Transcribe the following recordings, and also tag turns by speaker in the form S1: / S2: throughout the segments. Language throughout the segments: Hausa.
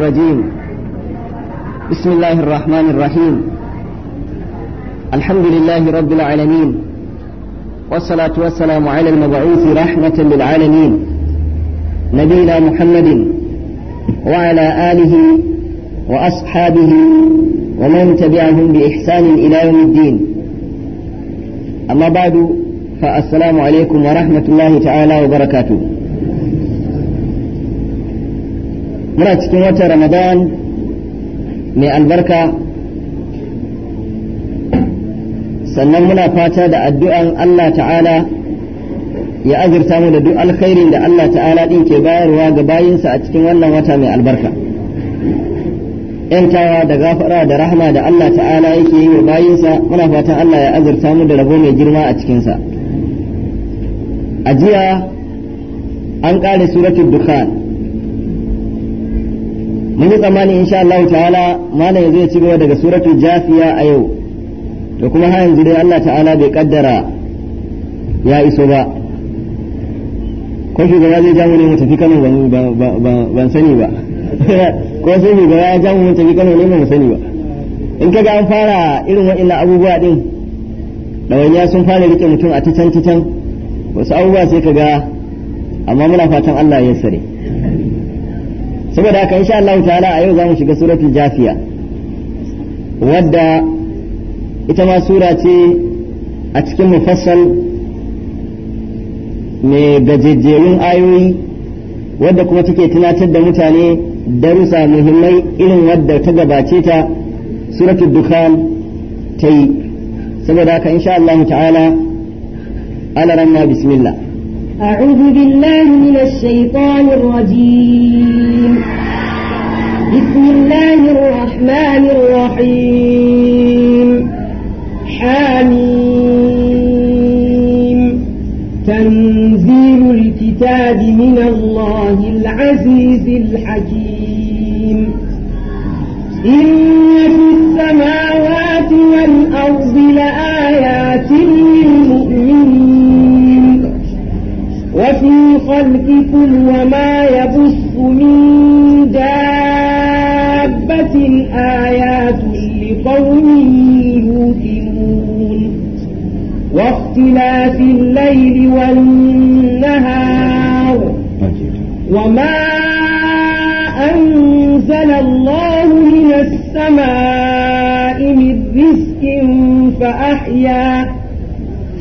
S1: الرجيم بسم الله الرحمن الرحيم الحمد لله رب العالمين والصلاة والسلام على المبعوث رحمة للعالمين نبينا محمد وعلى آله وأصحابه ومن تبعهم بإحسان إلى يوم الدين أما بعد فالسلام عليكم ورحمة الله تعالى وبركاته muna cikin watan ramadan mai albarka sannan muna fata da addu'an Allah ta'ala ya azurta mu da duk alkhairin da Allah ta'ala ɗin ke bayarwa ga bayinsa a cikin wannan wata mai albarka ‘yantawa da gafara da rahama da Allah ta'ala yake yi wa bayinsa muna fatan Allah ya azurta mu da rabo mai girma a cikinsa a jiya an ƙare suratul dukhan mun yi tsammani insha Allah ta'ala malam yanzu ya ci gaba daga suratul jafiya a yau to kuma har yanzu dai Allah ta'ala bai kaddara ya iso ba ko shugaba zai jamu ne mu tafi Kano ban sani ba ko sai ne ya jamu mu tafi Kano ne ban sani ba in ga an fara irin waɗannan abubuwa din dawanya sun fara rike mutum a titan titan wasu abubuwa sai ka ga amma muna fatan Allah ya sare saboda haka insha Allah ta'ala a yau zamu shiga suratul jafiya wadda ita ma sura ce a cikin mufassal mai gajejjerun ayoyi wadda kuma take tunatar da mutane darussa muhimmai irin wadda ta gabace ta suratul dukhan ta yi saboda haka insha Allah ta'ala alaramma bismillah
S2: أعوذ بالله من الشيطان الرجيم بسم الله الرحمن الرحيم حاميم تنزيل الكتاب من الله العزيز الحكيم إن في السماوات والأرض لآيات وفي خلقكم وما يبث من دابة آيات لقوم يوقنون واختلاف الليل والنهار وما أنزل الله من السماء من رزق فأحيا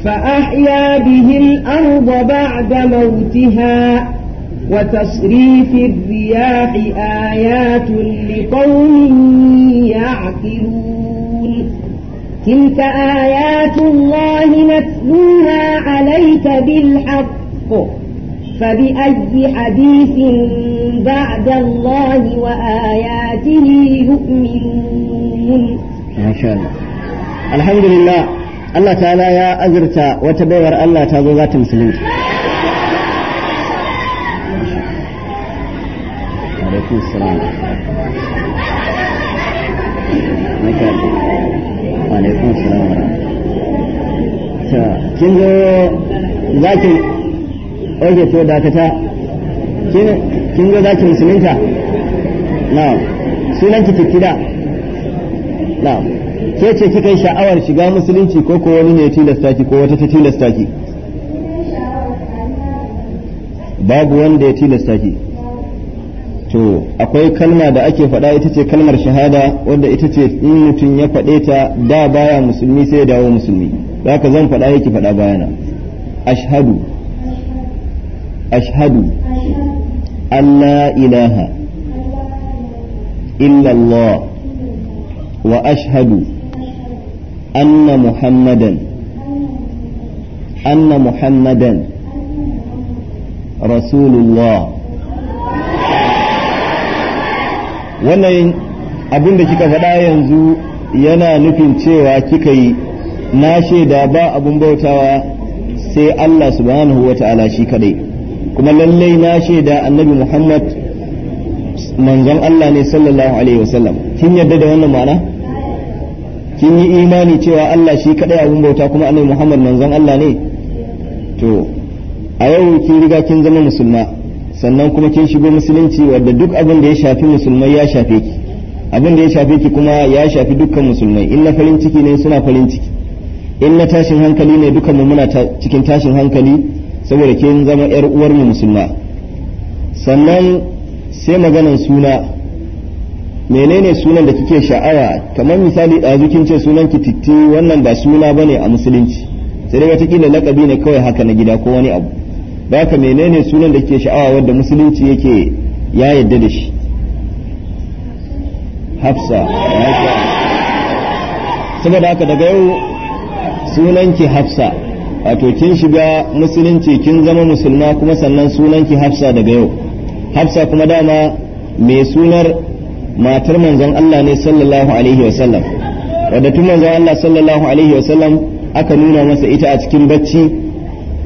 S2: فأحيا به الأرض بعد موتها وتصريف الرياح آيات لقوم يعقلون تلك آيات الله نتلوها عليك بالحق فبأي حديث بعد الله وآياته يؤمنون
S1: ما شاء الله الحمد لله Allah ta'ala ya azurta wata baiwar Allah ta zo za ta musulunci kin zo za ki oge to dakata kin zo za ki musulunta na sunan ki kida na sai ce kika yi sha'awar shiga musulunci ko ko wani ne ya tilasta ki ko wata ta tilasta ki babu wanda ya tilasta ki to akwai kalma da ake faɗa ita ce kalmar shahada wanda ita ce in mutum ya faɗe ta da baya musulmi sai ya dawo musulmi haka zan faɗa yake faɗa bayana ashhadu ashhadu Allah ilaha illallah wa ashhadu anna muhammadan محمدا رسول الله wannan abin da kika faɗa yanzu yana nufin cewa kika yi na shaida ba abun bautawa sai Allah subhanahu wa ta'ala shi kaɗai kuma lallai na shaida annabi Muhammad manzon Allah ne sallallahu alaihi wasallam kin yarda da wannan ma'ana kin yi imani cewa Allah shi kadai abin bauta kuma annabi Muhammad manzon Allah ne to a yau kin riga kin zama musulma sannan kuma kin shigo musulunci wanda duk abin da ya shafi musulmai ya shafe ki abin da ya shafe ki kuma ya shafi dukkan musulmai in na farin ciki ne suna farin ciki in na tashin hankali ne dukkan mu muna cikin tashin hankali saboda kin zama yar uwar mu musulma sannan sai maganan suna menene sunan da kike sha'awa kamar misali ɗazu kin ce sunan ki titti wannan ba suna bane a musulunci sai dai watakila lakabi ne kawai haka na gida ko wani abu ba ka menene sunan da kike sha'awa wanda musulunci yake ya yadda da shi hafsa saboda haka daga yau sunanki hafsa wato kin shiga musulunci kin zama musulma kuma sannan sunanki hafsa daga yau hafsa kuma dama mai sunar matar manzon Allah ne sallallahu alaihi wa sallam wadda tun manzon Allah sallallahu alaihi wa sallam aka nuna masa ita a cikin bacci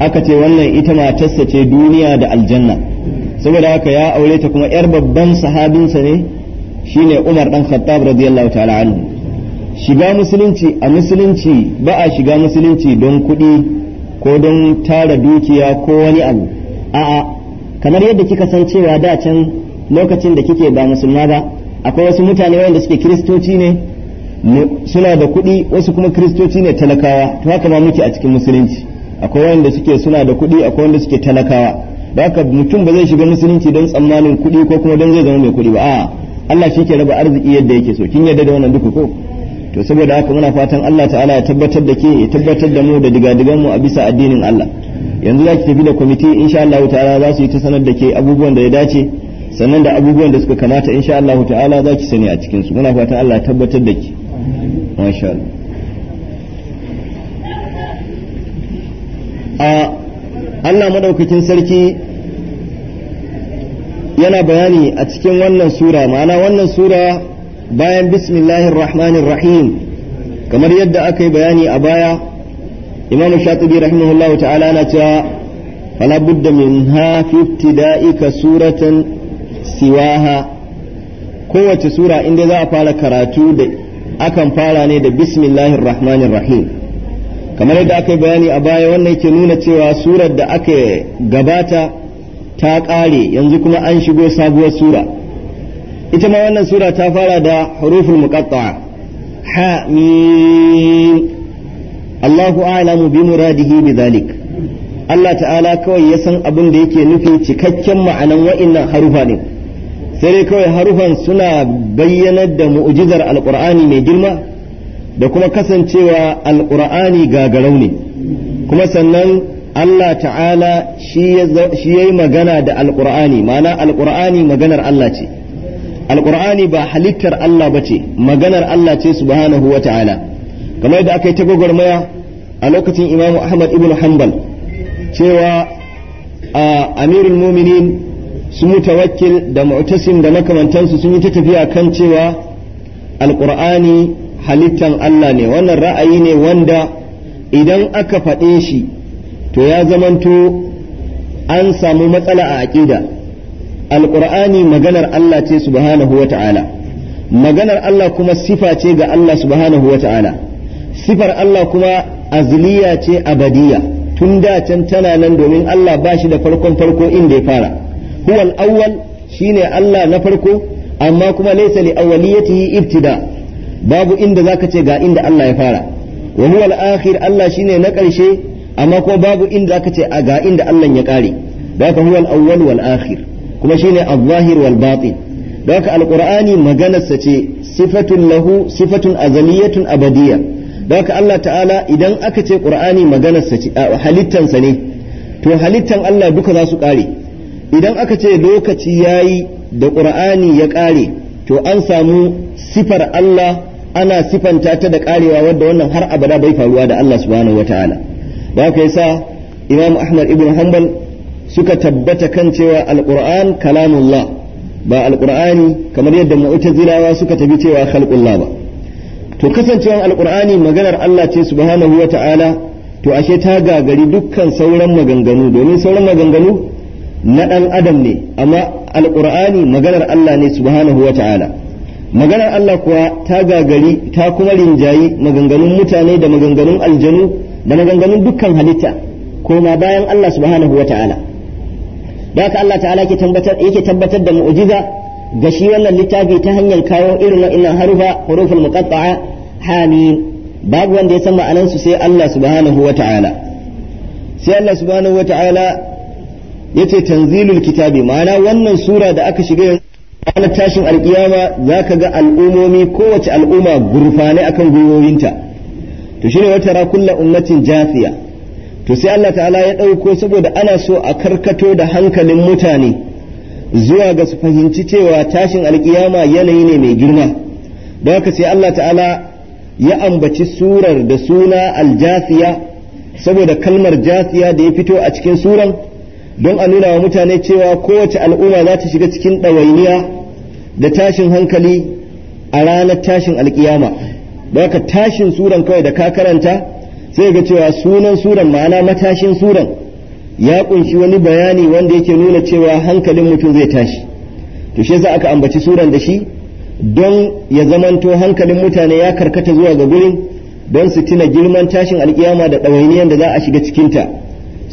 S1: aka ce wannan ita matarsa ce duniya da aljanna saboda haka ya aure ta kuma yar babban sahabinsa ne shine Umar dan Khattab radiyallahu ta'ala anhu shiga musulunci a musulunci ba a shiga musulunci don kuɗi ko don tara dukiya ko wani abu a'a kamar yadda kika san cewa da can lokacin da kike ba musulma ba akwai wasu mutane wanda suke kiristoci ne suna da kuɗi wasu kuma kiristoci ne talakawa to haka ma muke a cikin musulunci akwai wanda suke suna da kuɗi akwai wanda suke talakawa da haka mutum ba zai shiga musulunci don tsammanin kuɗi ko kuma don zai zama mai kuɗi ba a'a Allah shi ke raba arziki yadda yake so kin yadda da wannan duka ko to saboda haka muna fatan Allah ta'ala ya tabbatar da ke ya tabbatar da mu da digadigan mu a bisa addinin Allah yanzu za ki tafi da kwamiti insha Allah ta'ala za su yi ta sanar da ke abubuwan da ya dace sannan da abubuwan da suka kamata insha Allah ta'ala za ki sani a cikinsu muna fatan Allah tabbatar da ki Allah a Allah madaukakin sarki yana bayani a cikin wannan sura ma'ana wannan sura bayan bismillahir rahmanir rahim kamar yadda aka yi bayani a baya imamu shatibi rahimahullahu ta'ala na cewa fala budda min ha fi suratan siwaha kowace sura inda za a fara karatu da akan fara ne da bismillahir rahmanir rahim kamar yadda aka bayani a baya wannan ke nuna cewa surar da aka gabata ta ƙare yanzu kuma an shigo sabuwar sura ita ma wannan sura ta fara da huruful muqatta'a ha mim Allahu a'lamu bi muradihi bi dhalik Allah ta'ala kawai ya san abin da yake nufi cikakken ma'anan wa'annan harufa ne sai dai kawai harufan suna bayyanar da mu'jizar alqur'ani mai girma da kuma kasancewa alqur'ani gagarau ne kuma sannan Allah ta'ala shi ya yi magana da alqur'ani ma'ana alqur'ani maganar Allah ce alqur'ani ba halittar Allah ba ce maganar Allah ce subhanahu wa ta'ala kamar yadda aka yi ta gwagwarmaya a lokacin imamu ahmad ibn hanbal cewa a amirul muminin yi tawakkil da mu'tasim da makamantansu sun yi ta tafiya kan cewa alqur'ani halittan Allah ne wannan ra'ayi ne wanda idan aka faɗe shi to ya zamanto an samu matsala a aƙida al'kur'ani maganar Allah ce subhanahu wa ta'ala maganar Allah kuma sifa ce ga Allah subhanahu wa ta'ala sifar Allah kuma azliya ce abadiya tun da can tana nan domin Allah ba shi da farkon farko inda ya fara huwal al shine Allah na farko amma kuma laysa li awwaliyatihi ibtida babu inda zaka ce ga inda Allah ya fara wa huwa al-akhir Allah shine na karshe amma kuma babu inda zaka ce ga inda Allah ya kare da haka huwa wal akhir kuma shine al-zahir wal batin da haka al-qur'ani sifatun lahu sifatun azaliyatun Allah ta'ala idan aka ce qur'ani maganarsa ce halittansa ne to halittan Allah duka za su kare idan aka ce lokaci ya yi da ƙura'ani ya ƙare to an samu sifar Allah ana sifanta ta da ƙarewa wadda wannan har abada bai faruwa da Allah subhanahu ta'ala da haka yasa Imam Ahmad ibn Hanbal suka tabbata kan cewa al'kur'an kalamullah ba alƙur'ani kamar yadda mu'tazilawa suka tafi cewa khalqullah ba to kasancewan al'kur'ani maganar Allah ce subhanahu wa ta'ala to ashe ta gagari dukkan sauran maganganu domin sauran maganganu na ɗan adam ne amma alƙur'ani maganar Allah ne subhanahu wa ta'ala maganar Allah kuwa ta gagari ta kuma rinjayi maganganun mutane da maganganun aljanu da maganganun dukkan halitta koma bayan Allah subhanahu wa ta'ala da haka Allah ta'ala yake tabbatar da mu'jiza ga shi wannan littafi ta hanyar kawo irin wa'annan harufa huruful muqatta'a hamim babu wanda ya san ma'anansu sai Allah subhanahu wa ta'ala sai Allah subhanahu wa ta'ala yace tanzilul kitabi ma'ana wannan sura da aka shiga ranar tashin alkiyama zaka ga al'umomi kowace al'umma gurfane akan gwiwoyinta to shine wata ra kullu ummatin jafiya to sai Allah ta'ala ya ɗauko saboda ana so a karkato da hankalin mutane zuwa ga su fahimci cewa tashin alkiyama yanayi ne mai girma don haka sai Allah ta'ala ya ambaci surar da suna aljasiya saboda kalmar jasiya da ya fito a cikin suran don a nuna wa mutane cewa kowace al'umma za ta shiga cikin ɗawainiya da tashin hankali a ranar tashin alkiyama da ka tashin suran kawai da ka karanta sai ga cewa sunan suran ma'ana matashin suran ya ƙunshi wani bayani wanda yake nuna cewa hankalin mutum zai tashi to shi yasa aka ambaci suran da shi don ya zamanto hankalin mutane ya karkata zuwa ga gurin don su tuna girman tashin alkiyama da ɗawainiyar da za a shiga cikinta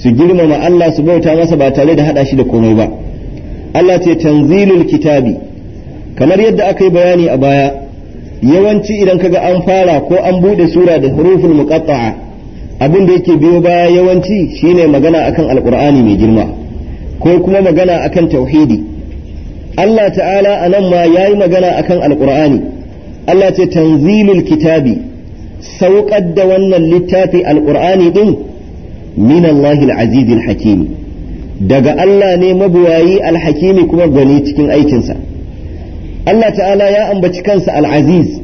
S1: su girmama Allah su bauta masa ba tare da hada shi da komai ba Allah ce tanzilul kitabi kamar yadda aka yi bayani a baya yawanci idan kaga an fara ko an bude sura da huruful muqatta'a abin da yake biyo baya yawanci shine magana akan alqur'ani mai girma ko kuma magana akan tauhidi Allah ta'ala a nan ma yayi magana akan alqur'ani Allah ce tanzilul kitabi sauƙar da wannan littafi alqur'ani din min Allahil azizil hakimi daga Allah ne mabuwayi alhakimi kuma gani cikin aikinsa Allah ta'ala ya ambaci kansa al'aziz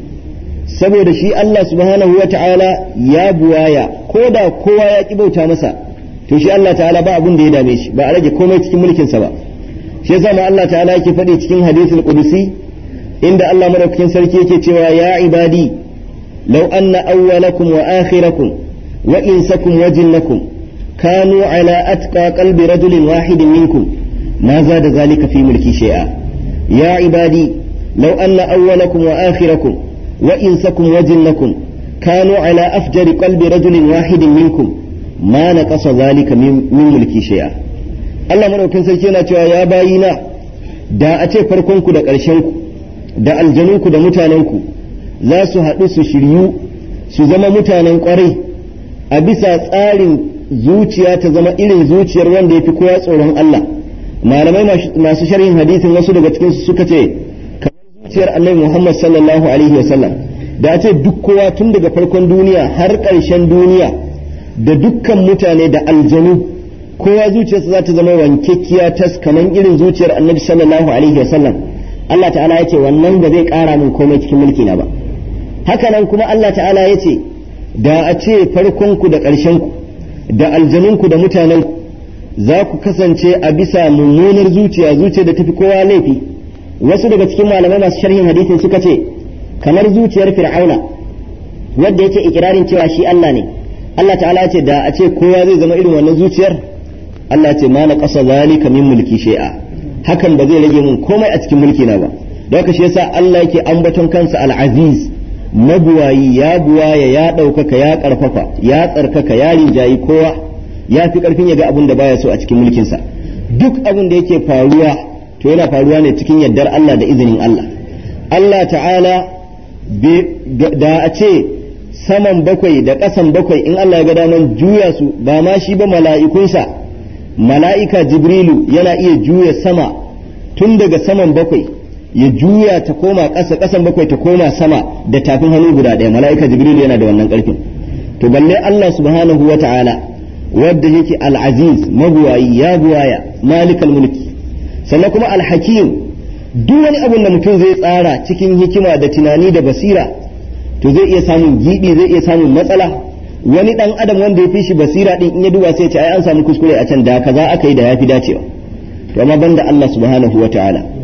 S1: saboda shi Allah subhanahu wa ta'ala ya buwaya ko da kowa ya ƙi bauta masa to shi Allah ta'ala ba abin da ya dame shi ba a rage komai cikin mulkinsa ba shi yasa ma Allah ta'ala ake faɗi cikin hadisul qudusi inda Allah madaukakin sarki yake cewa ya ibadi law anna awwalakum wa akhirakum wa insakum wa jinnakum كانوا على أتقى قلب رجل واحد منكم ما زاد ذلك في ملك شيئا يا عبادي لو أن أولكم وآخركم وإنسكم وجنكم كانوا على أفجر قلب رجل واحد منكم ما نقص ذلك من ملك شيئا Allah madaukin sarki yana cewa ya bayina da a ce farkonku da ƙarshenku da aljanunku da mutanenku za su haɗu su shiryu su zama mutanen ƙwarai a bisa tsarin zuciya ta zama irin zuciyar wanda ya fi koya tsoron Allah malamai masu sharhin hadisin wasu daga cikin su suka ce kamar zuciyar annabi Muhammad sallallahu alaihi wasallam da ce duk kowa tun daga farkon duniya har ƙarshen duniya da dukkan mutane da aljanu kowa zuciyarsa za ta zama wankekkiya tas kamar irin zuciyar annabi sallallahu alaihi wasallam Allah ta'ala ya ce wannan ba zai ƙara min komai cikin mulki na ba haka nan kuma Allah ta'ala ya ce da a ce farkonku da ƙarshenku da aljanunku da mutanen za ku kasance a bisa mummunar zuciya zuciya da tafi kowa laifi wasu daga cikin malamai masu sharhin hadisin suka ce kamar zuciyar fir'auna wadda yake ikirarin cewa shi Allah ne Allah ta'ala ya ce da a ce kowa zai zama irin wannan zuciyar Allah ce ma na ƙasa zalika min mulki shay'a hakan ba zai rage mun komai a cikin mulki na ba don haka shi yasa Allah yake ambaton kansa al-aziz mabuwayi ya buwaya ya ɗaukaka ya ƙarfafa ya tsarkaka ya rinjayi kowa ya fi ƙarfin ya ga abin da baya so a cikin mulkinsa duk abin da yake faruwa to yana faruwa ne cikin yardar Allah da izinin Allah Allah ta'ala da a ce saman bakwai da ƙasan bakwai in Allah ya ga daman juya su ba ma shi ba mala'ikunsa mala'ika jibrilu yana iya juya sama tun daga saman bakwai ya juya ta koma ƙasa ƙasan bakwai ta koma sama da tafin hannu guda ɗaya mala'ika jibril yana da wannan ƙarfin to balle Allah subhanahu wa ta'ala wadda yake al-aziz ya guwaya malikal mulki sannan kuma al-hakim duk wani abin da mutum zai tsara cikin hikima da tunani da basira to zai iya samun gibi zai iya samun matsala wani dan adam wanda ya fi shi basira ɗin in ya duba sai ce ai an samu kuskure a can da kaza aka yi da yafi dacewa to amma banda Allah subhanahu wa ta'ala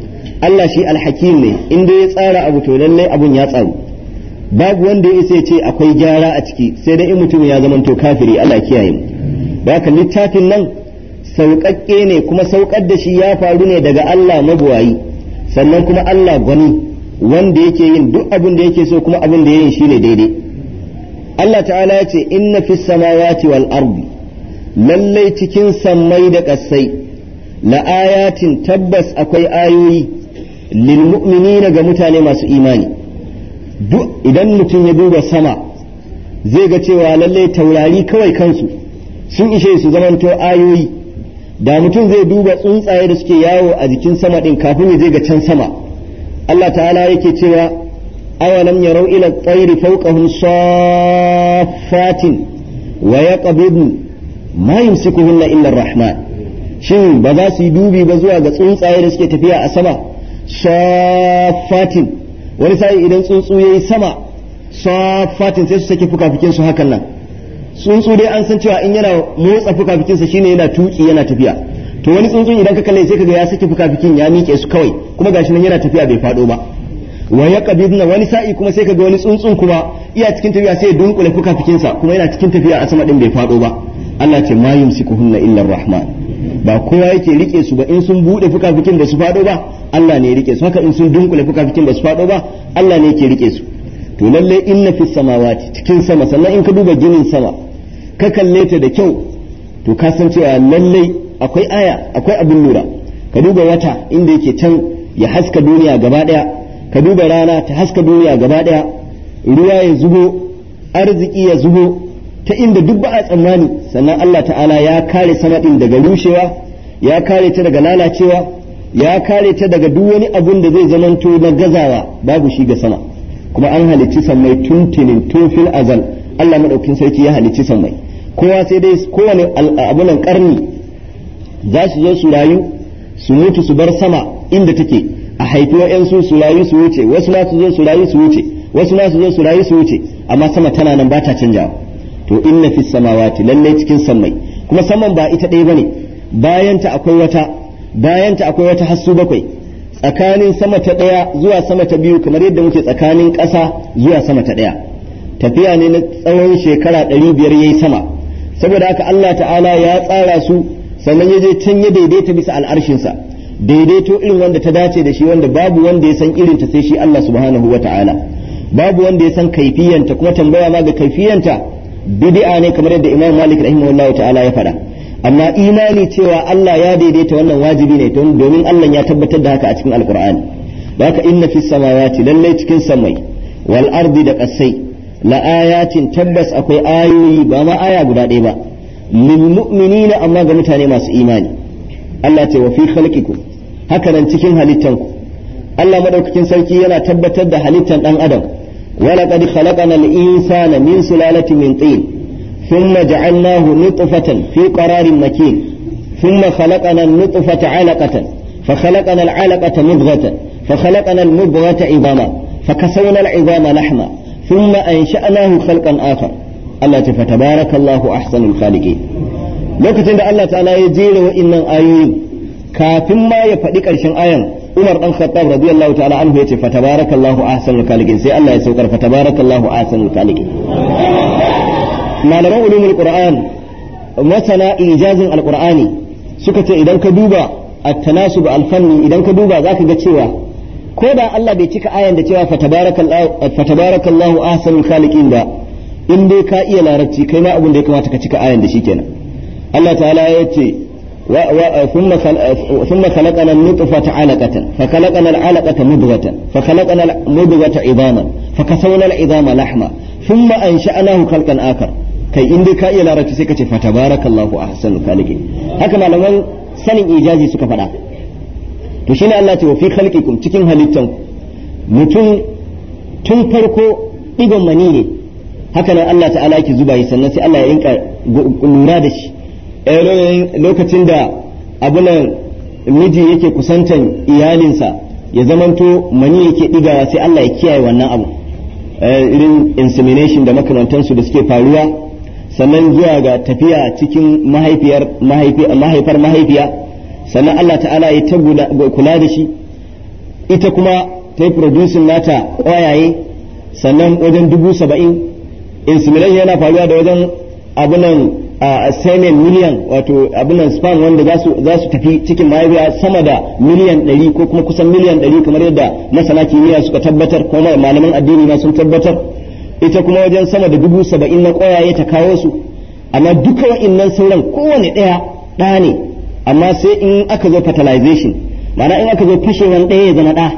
S1: Allah shi alhakim ne in dai ya tsara abu to lallai abun ya tsaru babu wanda ya isa ce akwai gyara a ciki sai dai in mutum ya zama to kafiri Allah kiyaye ba ka littafin nan sauƙaƙƙe ne kuma sauƙar da shi ya faru ne daga Allah mabuwayi sannan kuma Allah gwani wanda yake yin duk abin da yake so kuma abin da ya yi shine daidai Allah ta'ala ya ce inna fis samawati wal ardi lallai cikin sammai da ƙasai la ayatin tabbas akwai ayoyi للمؤمنين mu'minina ga mutane masu imani duk idan mutum ya duba sama zai ga cewa lallai taurari kawai kansu sun ishe su zamanto ayoyi da mutum zai duba tsuntsaye da suke yawo a jikin sama din kafin ya je ga can sama Allah ta'ala yake cewa awalam yarau ila tsairi fawqahum saffatin wa yaqbidun ma yumsikuhunna illa rahman shin ba za su yi dubi ba zuwa ga tsuntsaye da suke tafiya a sama safatin wani sai idan tsuntsu yayi sama safatin sai su sake fukafikin su hakan nan tsuntsu dai an san cewa in yana motsa fukafikin sa shine yana tuki yana tafiya to wani tsuntsun idan ka kalle sai kaga ya saki fukafikin ya mike su kawai kuma gashi nan yana tafiya bai fado ba wa ya wani sa'i kuma sai kaga wani tsuntsu kuma iya cikin tafiya sai ya dunkule fukafikin sa kuma yana cikin tafiya a sama din bai fado ba Allah ce mayum sikuhunna illa rahman ba kowa yake rike su ba in sun bude fukafikin da su fado ba Allah ne ya rike su haka in sun dunkule fukafikin da su fado ba Allah ne yake rike su to lalle inna fis samawati cikin sama sannan in ka duba ginin sama ka kalle ta da kyau to ka san cewa lalle akwai aya akwai abin lura ka duba wata inda yake can ya haska duniya gaba daya ka duba rana ta haska duniya gaba daya ruwa ya zubo arziki ya zubo ta inda duk ba a tsammani sannan Allah ta'ala ya kare sama in daga rushewa ya kare ta daga lalacewa ya kare ta daga duk wani abun da zai zamanto na gazawa babu shi ga sama kuma an halicci sammai tuntunin tufin azal Allah madaukin sarki ya halicci sammai kowa sai dai kowane abunan karni za su zo su rayu su mutu su bar sama inda take a haifi wa'yansu su rayu su wuce wasu ma su zo su rayu su wuce wasu ma su zo su rayu su wuce amma sama tana nan ba ta canjawa to inna fis samawati lalle cikin sammai kuma saman ba ita ɗaya bane bayan ta akwai wata bayan ta akwai wata hasu bakwai tsakanin sama ta ɗaya zuwa sama ta biyu kamar yadda muke tsakanin ƙasa zuwa sama ta ɗaya tafiya ne na tsawon shekara ɗari biyar yayi sama saboda haka Allah ta'ala ya tsara su sannan ya je can ya daidaita bisa al'arshinsa daidaito irin wanda ta dace da shi wanda babu wanda ya san irin ta sai shi Allah subhanahu wa ta'ala babu wanda ya san kaifiyanta kuma tambaya ma ga kaifiyanta bid'a ne kamar yadda Imam Malik rahimahullah ta'ala ya faɗa amma imani cewa Allah ya daidaita wannan wajibi ne domin Allah ya tabbatar da haka a cikin Alkur'ani da haka inna fis samawati lallai cikin samai wal ardi da kasai la ayatin tabbas akwai ayoyi ba ma aya guda ɗaya ba lil mu'minina amma ga mutane masu imani Allah ce wa fi khalqikum haka nan cikin halittanku Allah madaukakin sarki yana tabbatar da halittan dan adam ولقد خلقنا الإنسان من سلالة من طين ثم جعلناه نطفة في قرار مكين ثم خلقنا النطفة علقة فخلقنا العلقة مضغة فخلقنا المضغة عظاما فكسونا العظام لحما ثم أنشأناه خلقا آخر التي فتبارك الله أحسن الخالقين lokacin da Allah ta'ala ya jera wa'innan ayoyin kafin ma ya faɗi ƙarshen ayan Umar dan Khattab radiyallahu ta'ala anhu yace fa tabarakallahu ahsanul khaliqin sai Allah ya saukar fa tabarakallahu ahsanul khaliqin malaman ulumul qur'an masana ijazin alqur'ani suka ce idan ka duba at-tanasub al-fanni idan ka duba zaka ga cewa ko da Allah bai cika ayan da cewa fa tabarakallahu ahsanul khaliqin ba in dai ka iya larabci kai ma abin da ya kamata ka cika ayan da shi kenan Allah ta'ala ya ce ثم ثم خلقنا النطفة علقة فخلقنا العلقة مضغة فخلقنا المضغة عظاما فكسونا العظام لحما ثم أنشأناه خلقا آخر kai in dai ka iya larabci sai ka ce fatabarakallahu ahsanul khaliqin haka malaman sanin ijazi suka faɗa to shine Allah ce wa fi cikin halittan mutum tun farko digon mani ne haka nan ta'ala yake zuba sannan sai Allah ya rinka lura da shi lokacin da abunan miji yake kusantan iyalinsa ya zamanto mani yake ɗigawa sai Allah ya kiyaye wannan abu eh, irin insemination da makamantansu da suke faruwa sannan zuwa ga tafiya cikin mahaifiyar mahaifar mahaifiya sannan Allah ta'ala ya ta kula da shi ita kuma ta yi producing nata ƙwayaye sannan wajen dubu saba'in insemination yana faruwa da wajen abunan a semen miliyan wato abinan nan wanda za su tafi cikin mahaifiya sama da miliyan ɗari ko kuma kusan miliyan ɗari kamar yadda masana kimiyya suka tabbatar ko malaman addini ma sun tabbatar ita kuma wajen sama da dubu saba'in na ƙwayaye ta kawo su amma duka wa'innan sauran kowane ɗaya ɗa ne amma sai in aka zo fertilization ma'ana in aka zo fashewan ɗaya ya zama ɗa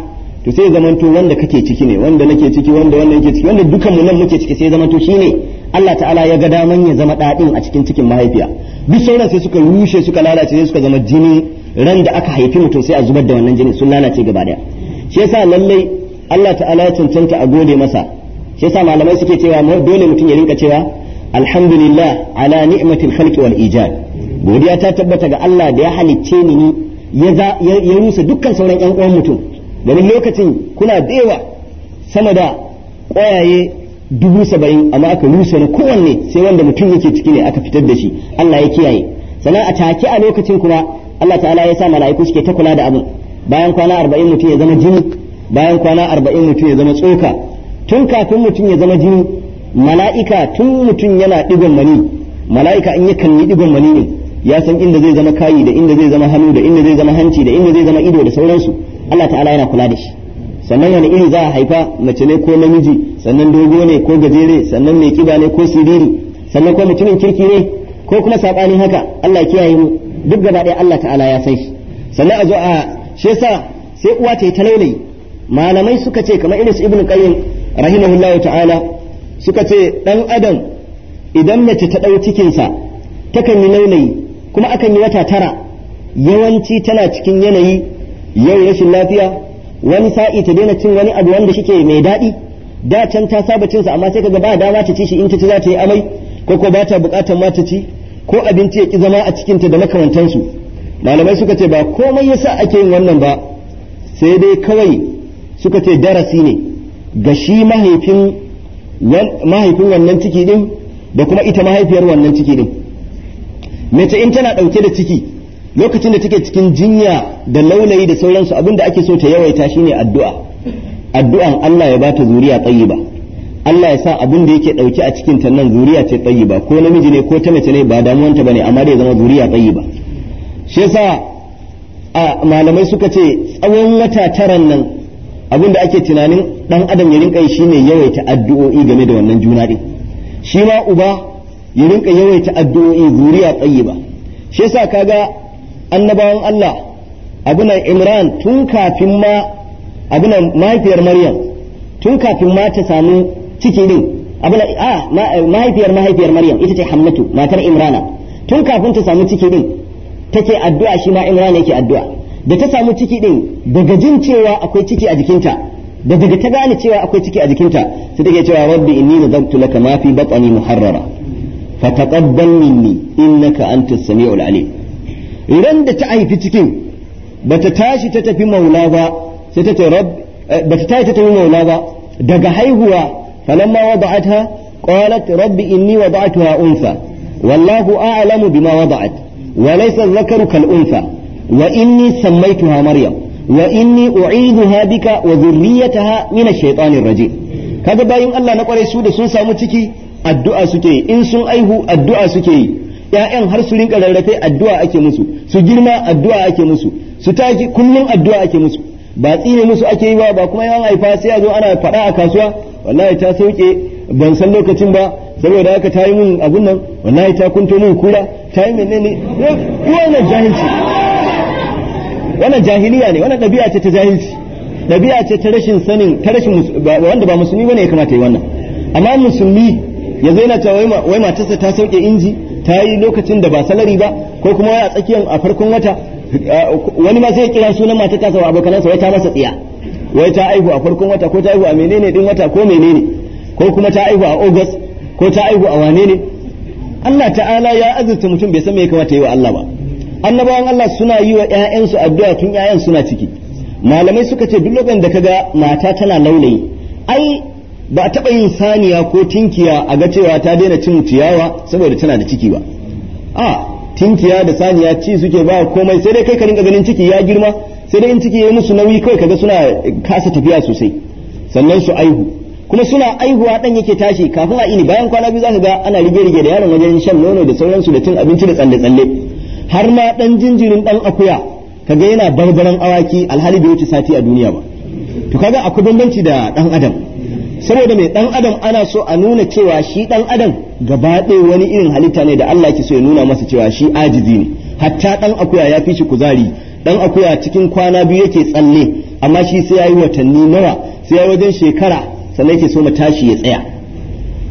S1: to sai zamanto wanda kake ciki ne wanda nake ciki wanda wanda yake ciki wanda dukanmu nan muke ciki sai zamanto ne. Allah ta'ala ya ga daman ya zama daɗin a cikin cikin mahaifiya duk sauran sai suka rushe suka lalace sai suka zama jini ran da aka haifi mutum sai a zubar da wannan jini sun lalace gaba daya shi yasa lallai Allah ta'ala ya cancanta a gode masa shi yasa malamai suke cewa dole mutum ya rinka cewa alhamdulillah ala ni'matil khalqi wal ijad godiya ta tabbata ga Allah da ya halicce ni ya rusa dukkan sauran yan uwan mutum domin lokacin kuna da yawa sama da ƙwayaye dubu saba'in amma aka rusa na kowanne sai wanda mutum yake ciki ne aka fitar da shi Allah ya kiyaye sannan a take a lokacin kuma Allah ta'ala ya sa mala'iku suke ta kula da abin bayan kwana arba'in mutum ya zama jini bayan kwana arba'in mutum ya zama tsoka tun kafin mutum ya zama jini mala'ika tun mutum yana digon mani mala'ika in ya kalli digon mani ne ya san inda zai zama kayi da inda zai zama hannu da inda zai zama hanci da inda zai zama ido da sauransu Allah ta'ala yana kula da shi sannan wani iri za a haifa mace ne ko namiji sannan dogo ne ko gajere sannan mai kiba ne ko siriri sannan ko mutumin kirki ne ko kuma sabani haka Allah kiyaye mu duk gaba ɗaya Allah ta'ala ya san shi sannan a zo a shi yasa sai uwa ta yi talaulayi malamai suka ce kamar irin su ibn qayyim rahimahullahu ta'ala suka ce dan adam idan mace ta ɗau sa takan yi laulayi kuma akan yi wata tara yawanci tana cikin yanayi yau rashin lafiya wani sa'i ta daina cin wani abu wanda shike mai daɗi da can ta saba cinsa amma sai kaga ba dama ta ci shi in ta ci za ta yi amai ko ko ba ta bukatar ma ci ko abinci ya ki zama a cikin ta da su. malamai suka ce ba komai yasa ake yin wannan ba sai dai kawai suka ce darasi ne ga shi mahaifin mahaifin wannan ciki din da kuma ita mahaifiyar wannan ciki din mace in tana dauke da ciki lokacin da take cikin jinya da laulayi da sauransu abinda ake so ta yawaita shine addu'a addu'an Allah ya bata zuriya tayyiba Allah ya sa abin da yake dauke a cikin ta nan zuriya ce tayyiba ko namiji ne ko ta mace ne ba damuwanta bane amma dai zama zuriya tayyiba shi yasa malamai suka ce tsawon wata taran nan abin da ake tunanin dan adam ya rinka yi shine yawaita addu'o'i game da wannan juna din shi ma uba ya rinka yawaita addu'o'i zuriya tayyiba shi yasa kaga annabawan Allah abunan Imran tun kafin ma abinan mahaifiyar maryam tun kafin ma ta samu ciki din abinan a mahaifiyar mahaifiyar maryam ita ce hammatu matar imrana tun kafin ta samu ciki din take addu'a shi ma imrana yake addu'a da ta samu ciki din daga jin cewa akwai ciki a jikinta da daga ta gane cewa akwai ciki a jikinta sai take cewa rabbi inni nadartu laka ma fi batni muharrara fataqabbal minni innaka antas samiul alim idan da ta haifi cikin bata tashi ta tafi maula ba sai ta ce eh, ba ta tayi ta yi maula ba daga haihuwa falamma ha qalat rabbi inni wada'tuha unsa wallahu a'lamu bima wada'at wa laysa adh-dhakaru kal unsa wa inni sammaytuha maryam wa inni u'iduha bika wa dhurriyyataha min ash-shaytanir rajim kaga bayin Allah na kwarai su da sun samu ciki addu'a suke yi in sun aihu addu'a suke yi ‘ya'yan har su rinka rarrafe addu'a ake musu su girma addu'a ake musu su taki kullum addu'a ake musu ba tsine musu ake yi ba ba kuma yawan haifa sai a zo ana faɗa a kasuwa wallahi ta sauke ban san lokacin ba saboda haka ta yi min abun nan wallahi ta kunto min kura ta yi ne wannan jahilci wannan jahiliya ne wannan ɗabi'a ce ta jahilci ɗabi'a ce ta rashin sanin ta rashin wanda ba musulmi bane ya kamata yi wannan amma musulmi ya yana cewa wai matarsa ta sauke inji ta yi lokacin da ba salari ba ko kuma wai a tsakiyar a farkon wata wani ma sai kira sunan matar tasa wa abokanansa wai ta masa tsiya wai ta aihu a farkon wata ko ta aihu a menene din wata ko menene ko kuma ta aihu a August ko ta aihu a wane ne Allah ta'ala ya azurta mutum bai san me ya kamata yi wa Allah ba annabawan Allah suna yi wa ƴaƴansu addu'a tun ƴaƴan suna ciki malamai suka ce duk lokacin da kaga mata tana laulayi ai ba a taɓa yin saniya ko tinkiya a ga cewa ta daina cin ciyawa saboda tana da ciki ba a Tintiya da saniya ci suke ba komai sai dai kai ka rinka ganin ciki ya girma sai dai in ciki ya musu nauyi kawai kaga suna kasa tafiya sosai sannan su aihu kuma suna aihuwa dan yake tashi kafin a ini bayan kwana biyu zaka ga ana rige rige da yaron wajen shan nono da sauransu da cin abinci da tsalle tsalle har ma dan jinjirin dan akuya kaga yana barbaran awaki alhali bai wuce sati a duniya ba to kaga akwai bambanci da dan adam saboda mai ɗan adam ana so a nuna cewa shi ɗan adam gaba ɗaya wani irin halitta ne da Allah ke so ya nuna masa cewa shi ajizi ne hatta ɗan akuya ya fi shi kuzari ɗan akuya cikin kwana biyu yake tsalle amma shi sai yayi watanni nawa sai yayi wajen shekara sannan yake so mu tashi ya tsaya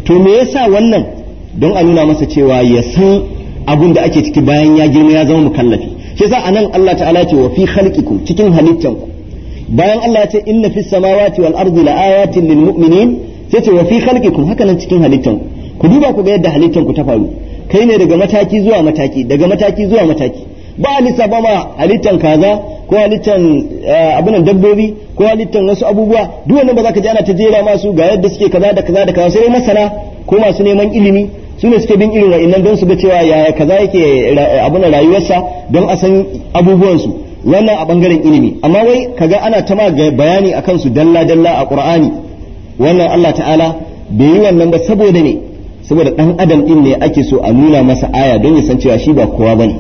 S1: to me yasa wannan don a nuna masa cewa ya san abun da ake ciki bayan ya girma ya zama mukallafi shi yasa anan Allah ta'ala ce wa fi khalqikum cikin halittanku bayan Allah ya ce inna fis samawati wal ardi la ayatin lil mu'minin sai ce wa fi khalqikum haka nan cikin halittan ku duba ku ga yadda halittan ku ta faru kai ne daga mataki zuwa mataki daga mataki zuwa mataki ba halitta ba ma halittan kaza ko halittan eh, abunan dabbobi ko halittan wasu abubuwa duk wannan ba za ka ji ana ta jera masu ga yadda suke kaza da kaza da kaza sai masana ko masu neman ilimi su ne suke bin irin wa'annan don su ga cewa yaya kaza yake abunan rayuwarsa don a san abubuwansu wannan a bangaren ilimi amma wai kaga ana ta ma bayani akan su dalla dalla a qur'ani wannan Allah ta'ala bai yi wannan ba saboda ne saboda dan adam ɗin ne ake so a nuna masa aya don ya san cewa shi ba kowa bane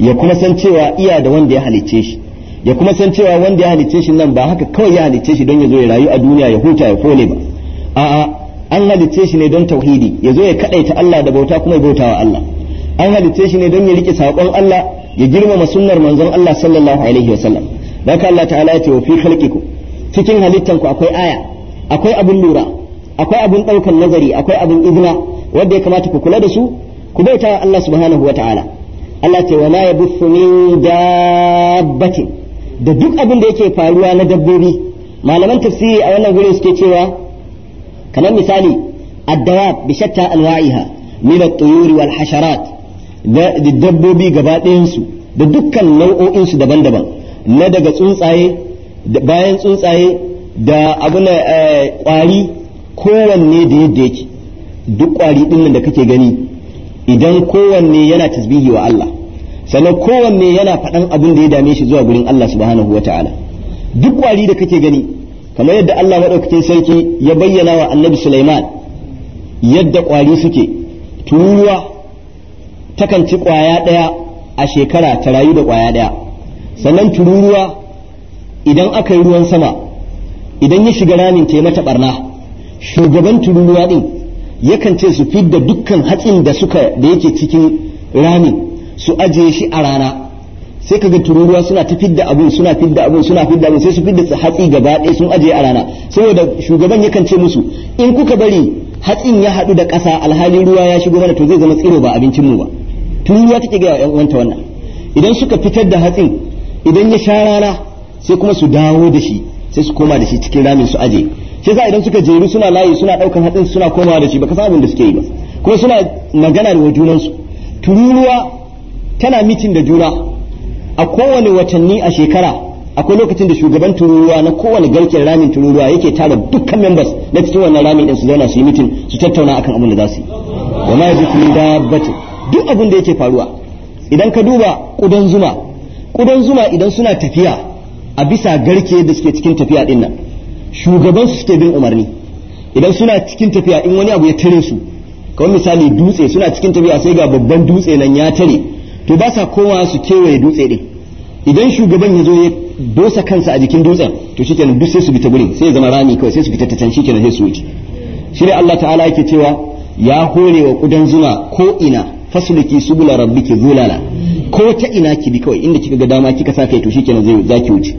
S1: ya kuma san cewa iya da wanda ya halicce shi ya kuma san cewa wanda ya halicce shi nan ba haka kawai ya halicce shi don ya zo ya rayu a duniya ya huta ya kone ba a'a an halicce shi ne don tauhidi ya zo ya kadaita Allah da bauta kuma bautawa bauta Allah an halicce shi ne don ya rike sakon Allah ya girmama sunnar manzon Allah sallallahu alaihi sallam haka Allah ta'ala ya ce wa fi khalqikum cikin halittanku akwai aya akwai abun lura akwai abun daukan nazari akwai abun izna wanda ya kamata ku kula da su ku baita wa Allah subhanahu Ta'ala Allah ce wa la yabuthu min dabbatin da duk abin da yake faruwa na dabbobi malaman tafsiri a wannan gurin suke cewa kamar misali الدواب بشتى أنواعها من wal hasharat da dabbobi gaba ɗayansu da dukkan nau'o'insu daban-daban na daga tsuntsaye bayan tsuntsaye da abin kwari eh, kowanne da yadda yake duk kwari ɗin da kake gani idan kowanne yana tasbihi wa Allah sannan kowanne yana faɗan abin da ya dame shi zuwa gurin Allah subhanahu wa ta'ala duk kwari da kake gani kamar yadda Allah maɗaukacin sarki ya bayyana wa annabi Sulaiman yadda kwari suke turuwa takan ci ƙwaya ɗaya a shekara ta rayu da ƙwaya ɗaya sannan tururuwa idan aka yi ruwan sama idan ya shiga ramin ta mata barna shugaban tururuwa ɗin yakan ce su fidda dukkan hatsin da suka da yake cikin ramin su ajiye shi a rana sai kaga tururuwa suna ta fidda abin suna fidda abin suna fidda abin sai su fidda hatsi gaba ɗaya sun ajiye a rana saboda shugaban yakan ce musu in kuka bari hatsin ya haɗu da ƙasa alhali ruwa ya shigo mana to zai zama tsiro ba abincinmu ba turuwa take ga yan uwanta wannan idan suka fitar da hatsin idan ya sha rana sai kuma su dawo da shi sai su koma da shi cikin ramin su aje shi yasa idan suka jeru suna layi suna daukan hatsin suna komawa da shi baka san abin da suke yi ba kuma suna magana da su tururuwa tana mitin da juna a kowane watanni a shekara akwai lokacin da shugaban tururuwa na kowane garken ramin tururuwa yake tara dukkan members na cikin wannan ramin din su zauna su yi mitin su tattauna akan abin da za su yi wa ma dabbatin duk abin da yake faruwa idan ka duba ƙudan zuma ƙudan zuma idan suna tafiya a bisa garke da suke cikin tafiya din nan shugaban su suke bin umarni idan suna cikin tafiya in wani abu ya tare su kamar misali dutse suna cikin tafiya sai ga babban dutse nan ya tare to ba sa kowa su kewaye dutse din idan shugaban ya zo ya dosa kansa a jikin dutsen to shikenan duk sai su bi ta gurin sai ya zama rami kawai sai su fita ta can shikenan sai su wuce shi Allah ta'ala yake cewa ya hore wa kudan zuma ko ina fasliki subula rabbiki zulala ko ta ina ki bi kawai inda kika ga dama kika sa kai to shikenan zai zaki wuce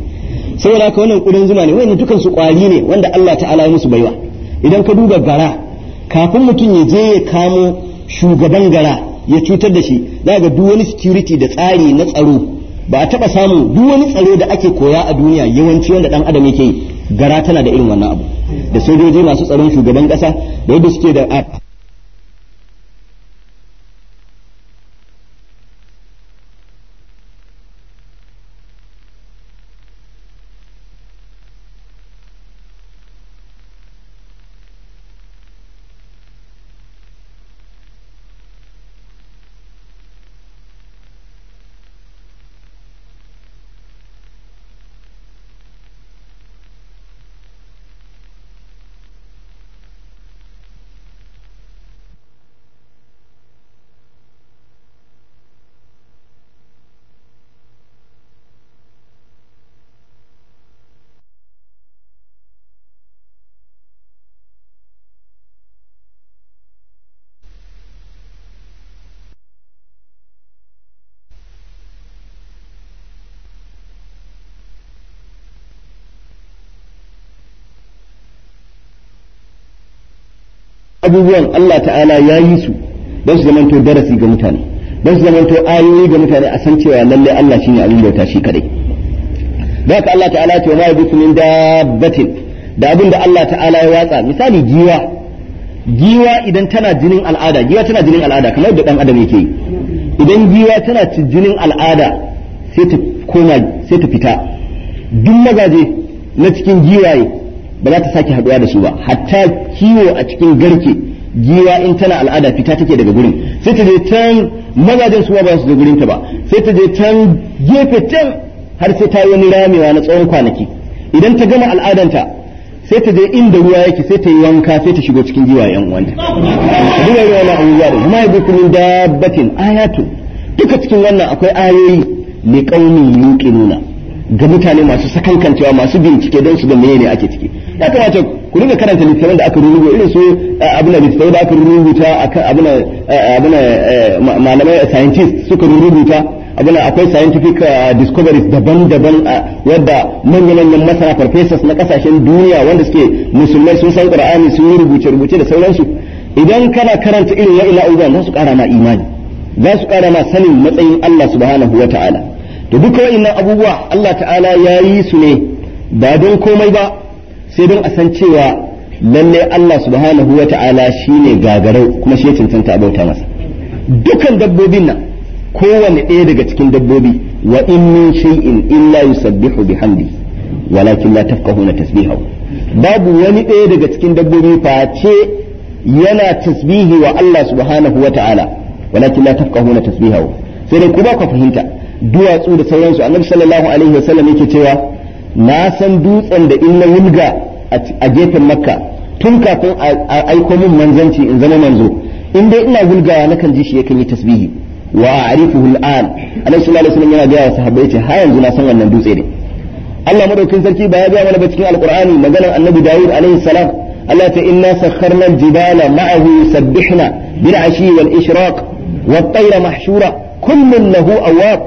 S1: saboda haka wannan kudin zuma ne wayannan dukan su kwari ne wanda Allah ta'ala ya musu baiwa idan ka duba gara kafin mutum ya je ya kamo shugaban gara ya cutar da shi za ga duk wani security da tsari na tsaro ba a taba samu duk wani tsaro da ake koya a duniya yawanci wanda dan adam yake yi gara tana da irin wannan abu da sojoji masu tsaron shugaban kasa da yadda suke da abubuwan Allah ta'ala ya yi su don su zamanto darasi ga mutane don su zamanto ayoyi ga mutane a san cewa lalle Allah shine abin bauta shi kadai da haka Allah ta'ala ce ma yabitu min dabbatin da abin da Allah ta'ala ya watsa misali giwa giwa idan tana jinin al'ada giwa tana jinin al'ada kamar da dan adam yake yi idan giwa tana jinin al'ada sai ta koma sai ta fita duk magaje na cikin giwaye ba za ta sake haɗuwa da su ba hatta kiwo a cikin garke giwa in tana al'ada fita take daga gurin sai ta je can mazajen suwa ba su je gurin ta ba sai ta je can gefe can har sai ta yi wani ramewa na tsawon kwanaki idan ta gama al'adanta sai ta je inda ruwa yake sai ta yi wanka sai ta shigo cikin giwa yan uwanta duka ruwa na abubuwa da kuma yabi kullun dabbatin ayatu duka cikin wannan akwai ayoyi mai qaumin nuna ga mutane masu sakankancewa masu bincike don su ga ne ake ciki ya kamata ku rinka karanta littattafan da aka rubuta irin su eh, abin da da aka rubuta akan abin na eh, eh, malamai scientist suka rubuta abin akwai scientific discoveries daban-daban yadda manya-manyan masana professors na kasashen duniya wanda suke musulmai sun san qur'ani sun yi rubuce-rubuce da sauransu idan kana karanta irin wa'ila abubuwan za su kara ma imani za su kara ma sanin matsayin Allah subhanahu wa ta'ala to duka wa'annan abubuwa Allah ta'ala ya yi su ne ba don komai ba sai don a san cewa lalle Allah subhanahu wa ta'ala shine gagarau kuma shi ya cancanta a bauta masa dukan dabbobin nan kowane ɗaya daga cikin dabbobi wa in min shay'in illa yusabbihu bihamdi walakin la tafqahuna tasbihahu babu wani ɗaya daga cikin dabbobi face yana tasbihi wa Allah subhanahu wa ta'ala walakin la tafqahuna tasbihahu sai dai ku ba ku fahimta duwatsu da sauransu annabi sallallahu alaihi wasallam yake cewa na san dutsen da in na wulga a gefen makka tun kafin a aiko min manzanci in zama manzo in dai ina wulgawa nakan ji shi yakan yi tasbihi wa a'rifuhu al'an alaihi sallallahu alaihi yana ga sahabbai ce ha yanzu na san wannan dutse ne Allah madaukin sarki ba ya ga mana ba cikin alqur'ani maganar annabi Dawud alaihi salam Allah ta inna sakharna al-jibala ma'ahu yusabbihna bil ashi wal ishraq wat tayra mahshura kullun lahu awab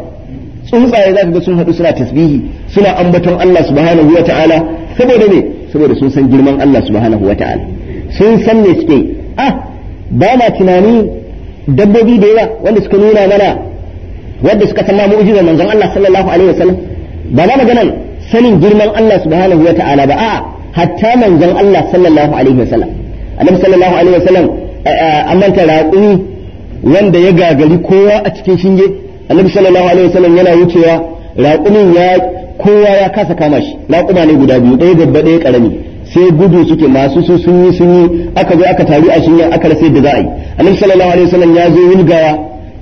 S1: tsuntsaye zaka ga sun hadu suna tasbihi suna ambaton Allah subhanahu wa ta'ala saboda ne saboda sun san girman Allah subhanahu wa ta'ala sun san ne suke ah ba ma tunani dabbobi da yawa wanda suka nuna mana wanda suka san mu'jizar manzon Allah sallallahu alaihi wasallam ba ma maganan sanin girman Allah subhanahu wa ta'ala ba a'a hatta manzon Allah sallallahu alaihi wasallam annabi sallallahu alaihi wasallam an manta raƙumi wanda ya gagari kowa a cikin shinge annabi sallallahu alaihi wasallam yana wucewa raƙumin ya kowa ya kasa kama shi laƙuma ne guda biyu ɗaya babba ɗaya ƙarami sai gudu suke masu su sun yi sun yi aka zo aka taru a shirya aka rasa yadda za a yi annabi sallallahu alaihi wasallam ya zo wulgawa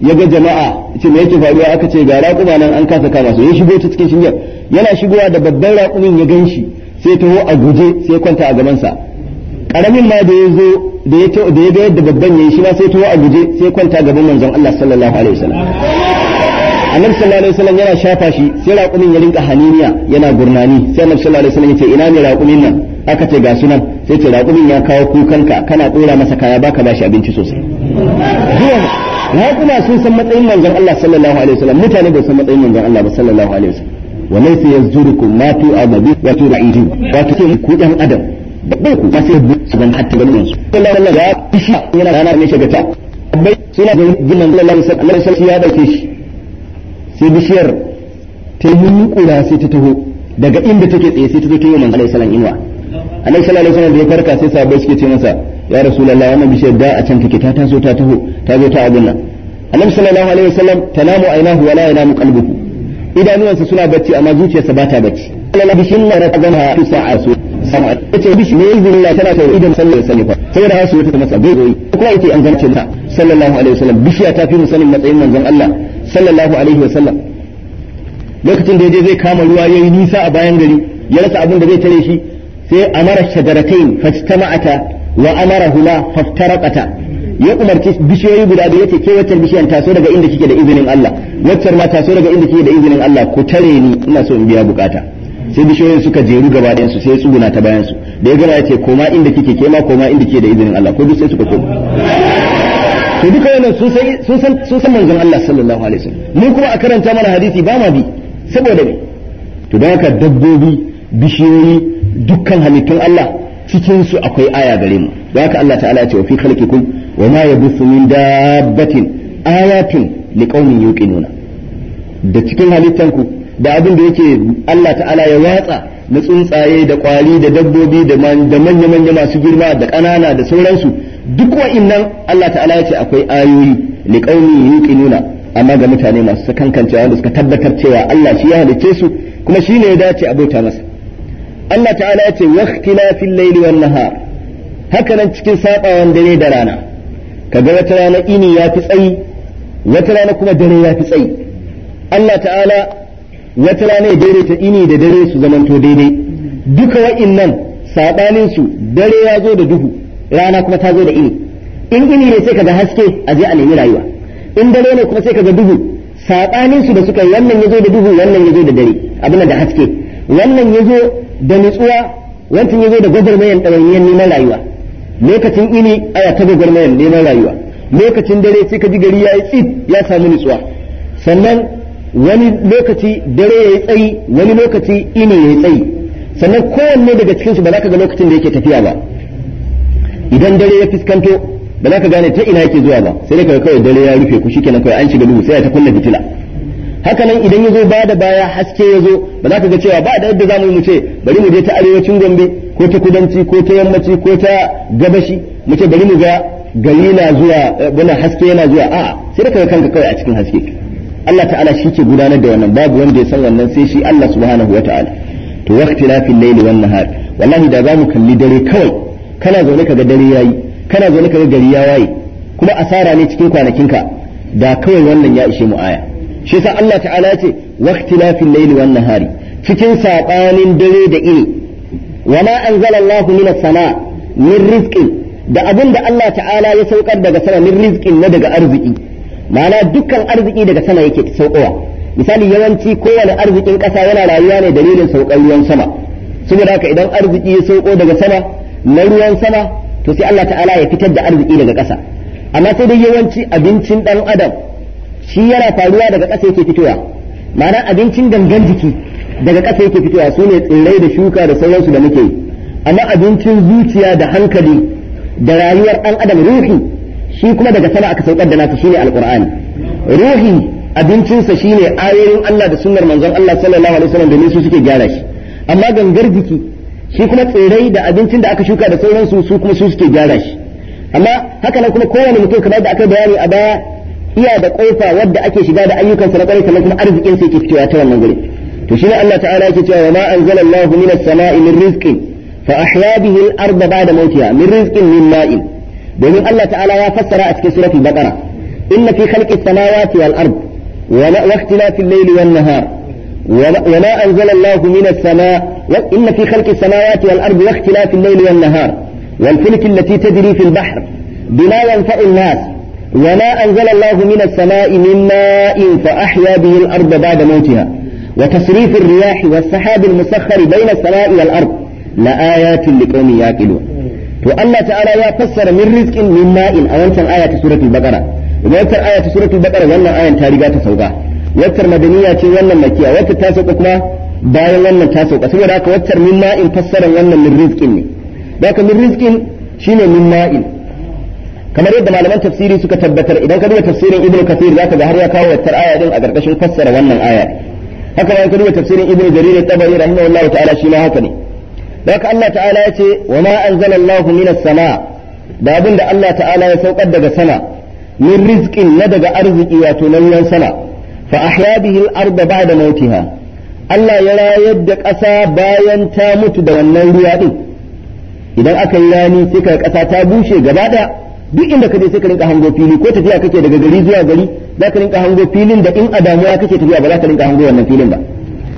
S1: ya ga jama'a ce me yake faruwa aka ce ga raƙuma nan an kasa kama su ya shigo ta cikin shirya yana shigowa da babban raƙumin ya ganshi sai taho a guje sai kwanta a gaban sa ƙaramin ma da ya zo da ya ga yadda babban ya yi shi ma sai taho a guje sai kwanta a gaban manzon Allah sallallahu alaihi wasallam annabi sallallahu alaihi wasallam yana shafa shi sai raƙumin ya rinka haniniya yana gurnani sai annabi sallallahu alaihi wasallam ya ce ina ne raƙumin nan aka ce ga sunan sai ce raƙumin ya kawo kukanka kana ɗora masa kaya baka bashi abinci sosai zuwa raƙuma sun san matsayin manzon Allah sallallahu alaihi wasallam mutane bai san matsayin manzon Allah ba sallallahu alaihi wasallam وليس يزجركم ما تؤمنوا وترعيدون وتكون كودان أدم بقولكم ما سيبوا سبحان حتى بلمنس الله الله لا تشاء ولا أنا مش بتاع بي سنة جنة الله الله سبحانه وتعالى سيادة تشاء sai bishiyar ta yi nukura sai ta taho daga inda take tsaye sai ta zo ta yi manzo alaihi salam inuwa alaihi salam alaihi da ya farka sai sabai suke ce masa ya rasulullahi wannan bishiyar da a can take ta taso ta taho ta zo ta abin nan annabi wa alaihi wasallam tanamu ainahu wala yanamu qalbuhu idanuwansa suna bacci amma zuciyarsa ba ta bacci alalabi shin la razama tusa'a su sama ita bishi ne yanzu Allah tana kai idan sallar sani fa su ta masa kuma ita an zance ta sallallahu alaihi wasallam bishiya ta fi musalin matsayin manzon Allah sallallahu alaihi wasallam lokacin da yaje zai kama ruwa yayi nisa a bayan gari ya rasa abin da zai tare shi sai amara shajaratain fastama'ata wa amara hula faftaraqata ya umarci bishiyoyi guda da yace ke waccan bishiyan taso daga inda kike da izinin Allah waccan ma taso daga inda kike da izinin Allah ku tare ni ina so in biya bukata sai bishiyoyin suka jeru gaba ɗayan su sai tsuguna ta bayansu da ya gama ya ce koma inda kike ke ma koma inda ke da izinin Allah ko duk sai suka koma to duka wannan sun san sun manzon Allah sallallahu alaihi wasallam mun kuma a karanta mana hadisi ba ma bi saboda me to da haka dabbobi bishiyoyi dukkan halittun Allah cikinsu akwai aya gare mu da haka Allah ta'ala ya ce wa fi khalqikum wa ma yabuthu min dabbatin ayatin liqaumin yuqinuna da cikin halittanku da abin da yake Allah ta'ala ya watsa na tsuntsaye da kwari da dabbobi da manya-manya masu girma da ƙanana da sauransu duk wa'innan Allah ta'ala ya ce akwai ayoyi liqaumi yuqinuna amma ga mutane masu sakankancewa wanda suka tabbatar cewa Allah shi ya halicce su kuma shi ne ya dace a bauta masa Allah ta'ala ya ce fil layli wan nahar haka nan cikin sabawan dare da rana kaga wata rana ini ya fi tsayi wata rana kuma dare ya fi tsayi Allah ta'ala wata rana ya daidaita ini da dare su zamanto daidai duka wa'innan sabanin su dare ya zo da duhu rana kuma ta zo da ini in ini ne sai kaga haske a je a nemi rayuwa in dare ne kuma sai kaga duhu sabanin su da suka yi wannan zo da duhu wannan ya zo da dare abin da haske wannan ya zo da nutsuwa wancan ya zo da gwagwarmayan ɗawainiyar neman rayuwa lokacin ini aya ta gwagwarmayan neman rayuwa lokacin dare sai ka ji gari ya yi tsit ya samu nutsuwa sannan wani lokaci dare ya yi tsayi wani lokaci ini ya yi tsayi sannan kowanne daga cikinsu ba za ka ga lokacin da yake tafiya ba idan dare ya fuskanto ba za ka gane ta ina yake zuwa ba sai dai kawai dare ya rufe ku shikenan kawai an shiga duhu sai ta kunna fitila haka nan idan ya zo ba da baya haske ya zo ba za ka ga cewa ba da yadda zamu mu ce bari mu je ta arewacin gombe ko ta kudanci ko ta yammaci ko ta gabashi mu ce bari mu ga gari na zuwa wannan eh, haske yana zuwa a'a sai da ga kanka kawai a cikin haske Allah ta'ala shi ke gudanar da wannan babu wanda ya san wannan sai shi Allah subhanahu wa ta'ala to waqtilafil layli wan nahar wallahi da zamu kalli dare kawai kana zaune kaga dare yayi kana zaune kaga gari ya waye kuma asara ne cikin kwanakin ka da kawai wannan ya ishe mu aya shi yasa Allah ta'ala ya ce waqtilafil layli wan nahar cikin sabanin dare da ini wama anzalallahu minas sama min rizqin da abin da Allah ta'ala ya saukar daga sama min rizqin na daga arziki ma'ana dukkan arziki daga sama yake saukowa misali yawanci kowane arzikin ƙasa yana rayuwa ne dalilin saukar ruwan sama saboda haka idan arziki ya sauko daga sama na ruwan sama to sai Allah ta'ala ya fitar da arziki daga ƙasa amma sai dai yawanci abincin dan adam shi yana faruwa daga ƙasa yake fitowa ma'ana abincin gangan jiki daga ƙasa yake fitowa su ne tsirrai da shuka da sauransu da muke amma abincin zuciya da hankali da rayuwar ɗan adam ruhi shi kuma daga sama aka saukar da nasa shine alqur'ani ruhi abincinsa shine ayoyin Allah da sunnar manzon Allah sallallahu alaihi wasallam domin su suke gyara shi amma gangar jiki shi kuma tsirrai da abincin da aka shuka da sauransu su kuma su suke gyara shi amma haka nan kuma kowane mutum kamar da aka bayani a baya iya da kofa wadda ake shiga da ayyukansa na kwarai sannan kuma arzikin sa yake fitowa ta wannan guri to shi ne Allah ta'ala yake cewa ma anzalallahu minas sama'i min rizqin fa ahya bihi al-ardha ba'da mawtiha min rizqin min ma'in domin Allah تعالى ya fassara a البقرة إن في خلق السماوات والأرض samawati wal ard wa ikhtilafil layli wan nahar wa ma إن في خلق السماوات والأرض واختلاف الليل والنهار والفلك التي تجري في البحر بما ينفع الناس وما أنزل الله من السماء من ماء فأحيا به الأرض بعد موتها وتصريف الرياح والسحاب المسخر بين السماء والأرض لآيات لقوم يعقلون to Allah ta'ala ya fassara min rizqin min ma'in a wancan aya ta suratul baqara wancan aya ta suratul baqara wannan ayan ta riga ta sauka wancan madaniya ce wannan makiya wacce ta sauka kuma bayan wannan ta sauka saboda haka wancan min ma'in fassaran wannan min rizqin ne haka min rizqin shine min ma'in kamar yadda malaman tafsiri suka tabbatar idan ka duba tafsirin ibnu kathir zaka ga har ya kawo wattar aya din a gargashin fassara wannan aya haka ma ka duba tafsirin ibnu jarir tabari rahimahullahu ta'ala shi ma haka ne haka Allah ta'ala ya ce wa ma anzalallahu minas sama da abin da Allah ta'ala ya saukar daga sana min rizqin na daga arziki wato nan sama fa ahya bihi al-ardh ba'da mautiha Allah ya rayar da ƙasa bayan ta mutu da wannan ruwa ɗin idan aka yi rani sai ka ƙasa ta bushe gaba ɗaya duk inda ka je sai ka rinka hango fili ko tafiya kake daga gari zuwa gari za ka rinka hango filin da in a damuwa kake tafiya ba za ka rinka hango wannan filin ba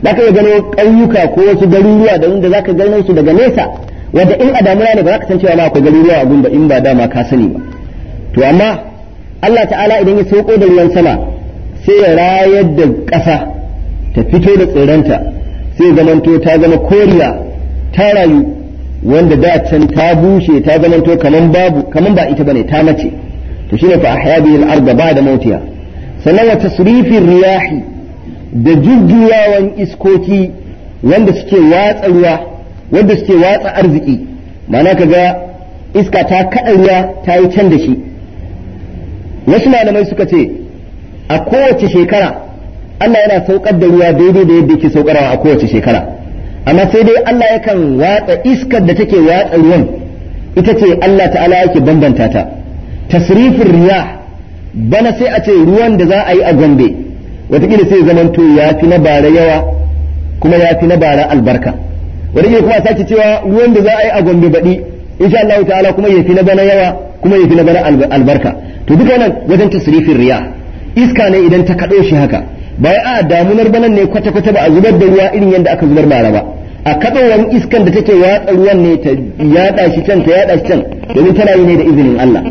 S1: za ka iya gano ƙauyuka ko wasu garuruwa da wanda za ka gano su daga nesa wanda in a damuna ne ba za ka san cewa ma akwai garuruwa a gunda in ba dama ka sani ba to amma Allah ta'ala idan ya sauko da ruwan sama sai ya rayar da ƙasa ta fito da tsiranta sai zamanto ta zama koriya ta rayu wanda da can ta bushe ta zamanto kaman babu kaman ba ita bane ta mace to shine fa ahya da al-ardh ba'da mautiha sannan wa tasrifir riyahi da jujjuyawan iskoki wanda suke watsa ruwa wanda suke watsa arziki ma'ana kaga iska ta kaɗa ruwa ta yi can da shi wasu malamai suka ce a kowace shekara Allah yana saukar da ruwa daidai da yadda yake saukarwa a kowace shekara amma sai dai Allah yakan watsa iskar da take watsa ruwan ita ce Allah ta'ala yake bambanta ta tasrifin riya bana sai a ce ruwan da za a yi a gombe wataƙila sai zamanto ya fi na bara yawa kuma ya fi na bara albarka wataƙila kuma sake cewa ruwan da za a yi a gombe baɗi insha Allah ta'ala kuma ya fi na bana yawa kuma ya fi na bana albarka to duka nan wajen tasrifin riya iska ne idan ta kaɗo shi haka bayan a damunar banan ne kwata-kwata ba a zubar da ruwa irin yadda aka zubar bara ba a kaɗowar iskan da take watsa ruwan ne ta yaɗa shi can ta yaɗa shi can domin tana yi ne da izinin Allah